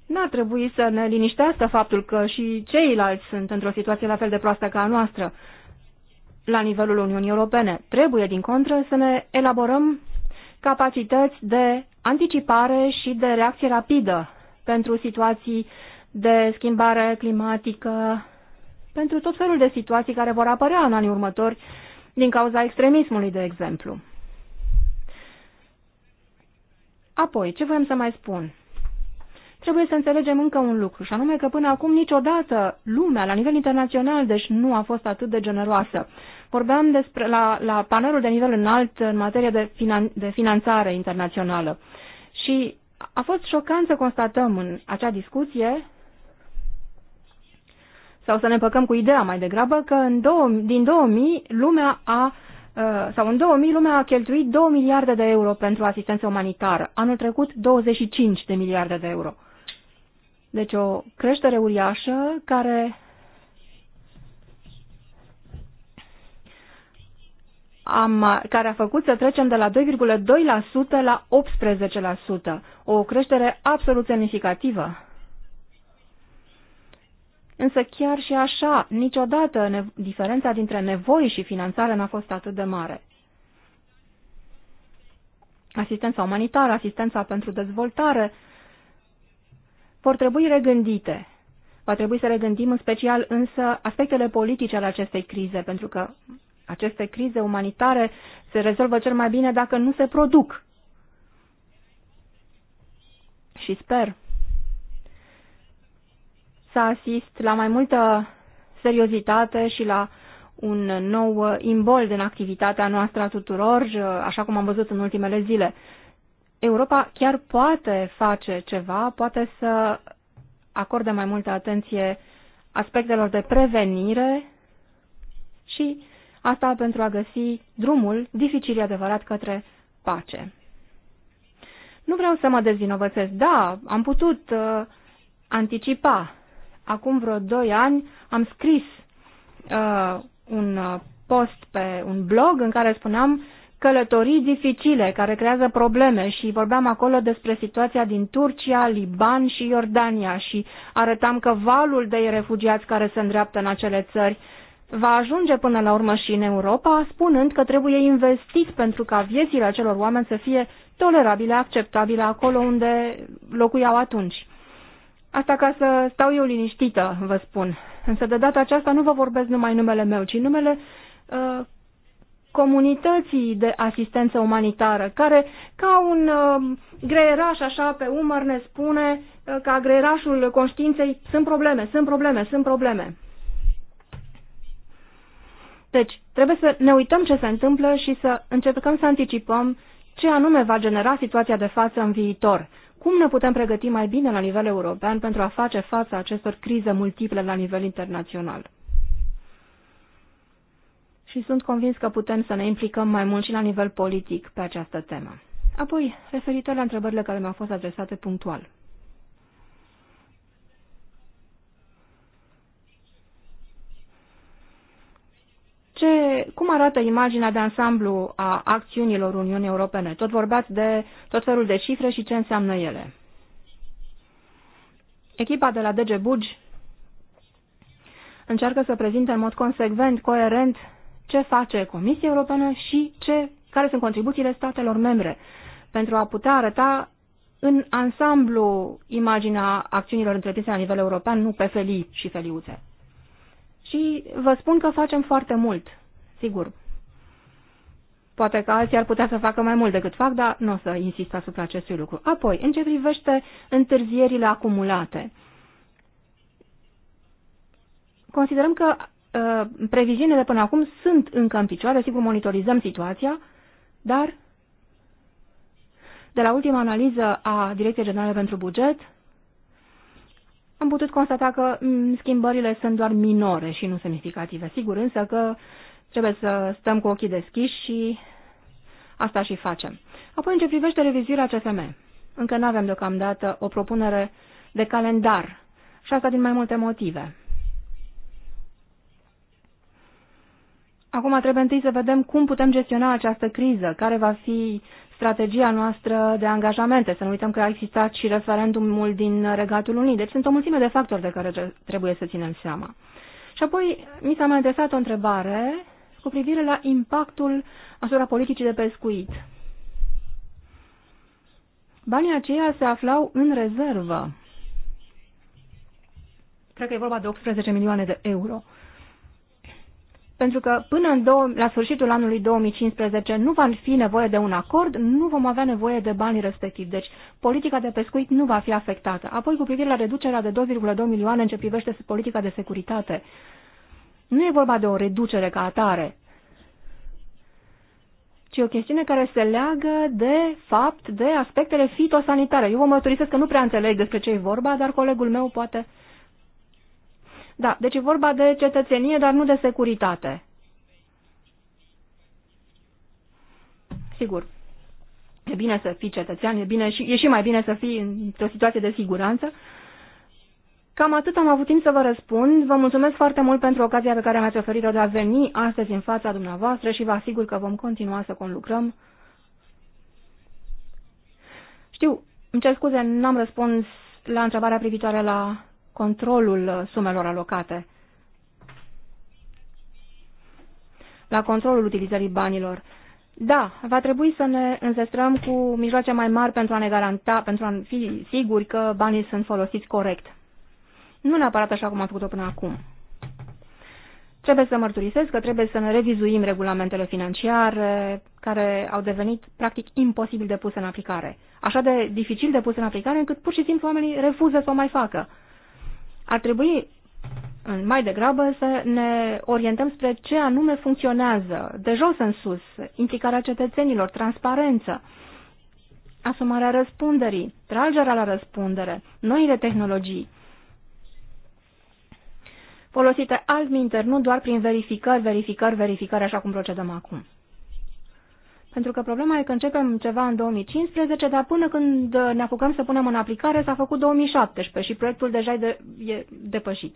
N-ar trebui să ne liniștească faptul că și ceilalți sunt într-o situație la fel de proastă ca a noastră la nivelul Uniunii Europene. Trebuie, din contră, să ne elaborăm capacități de anticipare și de reacție rapidă pentru situații de schimbare climatică, pentru tot felul de situații care vor apărea în anii următori din cauza extremismului, de exemplu. Apoi, ce voiam să mai spun? Trebuie să înțelegem încă un lucru, și anume că până acum niciodată lumea, la nivel internațional, deci nu a fost atât de generoasă. Vorbeam despre, la, la panelul de nivel înalt în materie de, finan, de finanțare internațională. Și a fost șocant să constatăm în acea discuție sau să ne păcăm cu ideea mai degrabă, că în 2000, din 2000 lumea a uh, sau în 2000 lumea a cheltuit 2 miliarde de euro pentru asistență umanitară, anul trecut 25 de miliarde de euro. Deci o creștere uriașă care am, care a făcut să trecem de la 2,2% la 18%, o creștere absolut semnificativă însă chiar și așa, niciodată diferența dintre nevoi și finanțare n-a fost atât de mare. Asistența umanitară, asistența pentru dezvoltare vor trebui regândite. Va trebui să regândim în special însă aspectele politice ale acestei crize, pentru că aceste crize umanitare se rezolvă cel mai bine dacă nu se produc. Și sper să asist la mai multă seriozitate și la un nou imbold în activitatea noastră a tuturor, uh, așa cum am văzut în ultimele zile. Europa chiar poate face ceva, poate să acorde mai multă atenție aspectelor de prevenire și asta pentru a găsi drumul dificil adevărat către pace. Nu vreau să mă dezvinovățesc, da, am putut uh, anticipa acum vreo 2 ani am scris uh, un uh, post pe un blog în care spuneam călătorii dificile care creează probleme și vorbeam acolo despre situația din Turcia, Liban și Iordania și arătam că valul de refugiați care se îndreaptă în acele țări va ajunge până la urmă și în Europa, spunând că trebuie investit pentru ca viețile acelor oameni să fie tolerabile, acceptabile acolo unde locuiau atunci. Asta ca să stau eu liniștită, vă spun. Însă de data aceasta nu vă vorbesc numai numele meu, ci numele uh, comunității de asistență umanitară, care ca un uh, greieraș așa pe umăr ne spune uh, ca greierașul conștiinței sunt probleme, sunt probleme, sunt probleme. Deci, trebuie să ne uităm ce se întâmplă și să încercăm să anticipăm ce anume va genera situația de față în viitor. Cum ne putem pregăti mai bine la nivel european pentru a face față acestor crize multiple la nivel internațional? Și sunt convins că putem să ne implicăm mai mult și la nivel politic pe această temă. Apoi, referitor la întrebările care mi-au fost adresate punctual. ce, cum arată imaginea de ansamblu a acțiunilor Uniunii Europene? Tot vorbeați de tot felul de cifre și ce înseamnă ele. Echipa de la DG Bugi încearcă să prezinte în mod consecvent, coerent, ce face Comisia Europeană și ce, care sunt contribuțiile statelor membre pentru a putea arăta în ansamblu imaginea acțiunilor întreprinse la nivel european, nu pe felii și feliuțe și vă spun că facem foarte mult, sigur. Poate că alții ar putea să facă mai mult decât fac, dar nu o să insist asupra acestui lucru. Apoi, în ce privește întârzierile acumulate, considerăm că uh, previziunile până acum sunt încă în picioare, sigur monitorizăm situația, dar de la ultima analiză a Direcției Generale pentru Buget, am putut constata că mm, schimbările sunt doar minore și nu semnificative. Sigur însă că trebuie să stăm cu ochii deschiși și asta și facem. Apoi, în ce privește revizuirea CFM, încă nu avem deocamdată o propunere de calendar și asta din mai multe motive. Acum trebuie întâi să vedem cum putem gestiona această criză, care va fi strategia noastră de angajamente. Să nu uităm că a existat și referendumul din Regatul Unit. Deci sunt o mulțime de factori de care trebuie să ținem seama. Și apoi mi s-a mai adresat o întrebare cu privire la impactul asupra politicii de pescuit. Banii aceia se aflau în rezervă. Cred că e vorba de 18 milioane de euro pentru că până în două, la sfârșitul anului 2015 nu va fi nevoie de un acord, nu vom avea nevoie de banii respectivi. Deci politica de pescuit nu va fi afectată. Apoi cu privire la reducerea de 2,2 milioane în ce privește politica de securitate. Nu e vorba de o reducere ca atare, ci o chestiune care se leagă de fapt de aspectele fitosanitare. Eu vă mărturisesc că nu prea înțeleg despre ce e vorba, dar colegul meu poate da, deci e vorba de cetățenie, dar nu de securitate. Sigur, e bine să fii cetățean, e, bine și, e și mai bine să fii într-o situație de siguranță. Cam atât am avut timp să vă răspund. Vă mulțumesc foarte mult pentru ocazia pe care mi-ați oferit-o de a veni astăzi în fața dumneavoastră și vă asigur că vom continua să conlucrăm. Știu, îmi cer scuze, n-am răspuns la întrebarea privitoare la controlul uh, sumelor alocate, la controlul utilizării banilor. Da, va trebui să ne înzestrăm cu mijloace mai mari pentru a ne garanta, pentru a fi siguri că banii sunt folosiți corect. Nu neapărat așa cum am făcut-o până acum. Trebuie să mărturisesc că trebuie să ne revizuim regulamentele financiare, care au devenit practic imposibil de pus în aplicare. Așa de dificil de pus în aplicare încât pur și simplu oamenii refuză să o mai facă. Ar trebui mai degrabă să ne orientăm spre ce anume funcționează, de jos în sus, implicarea cetățenilor, transparență, asumarea răspunderii, tragerea la răspundere, noile tehnologii, folosite altminteri, nu doar prin verificări, verificări, verificări, așa cum procedăm acum. Pentru că problema e că începem ceva în 2015, dar până când uh, ne apucăm să punem în aplicare s-a făcut 2017 și proiectul deja e, de, e depășit.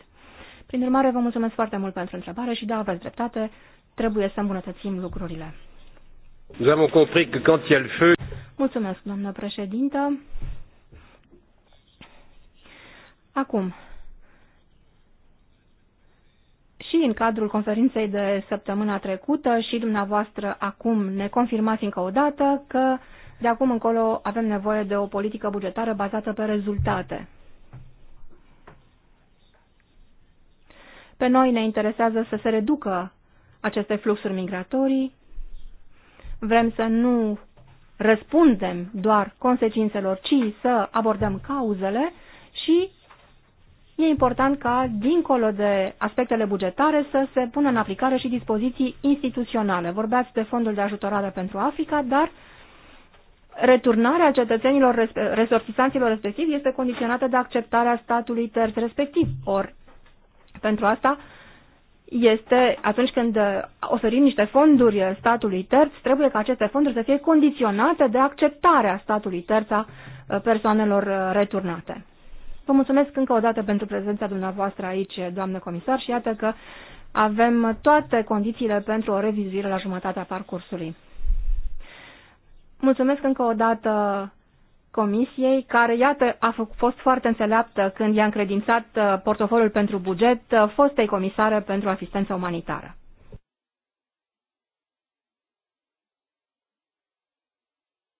Prin urmare, vă mulțumesc foarte mult pentru întrebare și da, aveți dreptate, trebuie să îmbunătățim lucrurile. Mulțumesc, doamnă președintă. Acum, și în cadrul conferinței de săptămâna trecută și dumneavoastră acum ne confirmați încă o dată că de acum încolo avem nevoie de o politică bugetară bazată pe rezultate. Pe noi ne interesează să se reducă aceste fluxuri migratorii. Vrem să nu răspundem doar consecințelor, ci să abordăm cauzele și e important ca, dincolo de aspectele bugetare, să se pună în aplicare și dispoziții instituționale. Vorbeați de Fondul de Ajutorare pentru Africa, dar returnarea cetățenilor resortisanților respectiv este condiționată de acceptarea statului terț respectiv. Or, pentru asta este atunci când oferim niște fonduri statului terț, trebuie ca aceste fonduri să fie condiționate de acceptarea statului terț a persoanelor returnate. Vă mulțumesc încă o dată pentru prezența dumneavoastră aici, doamnă comisar, și iată că avem toate condițiile pentru o revizuire la jumătatea parcursului. Mulțumesc încă o dată Comisiei, care, iată, a fost foarte înțeleaptă când i-a încredințat uh, portofoliul pentru buget uh, fostei comisare pentru asistență umanitară.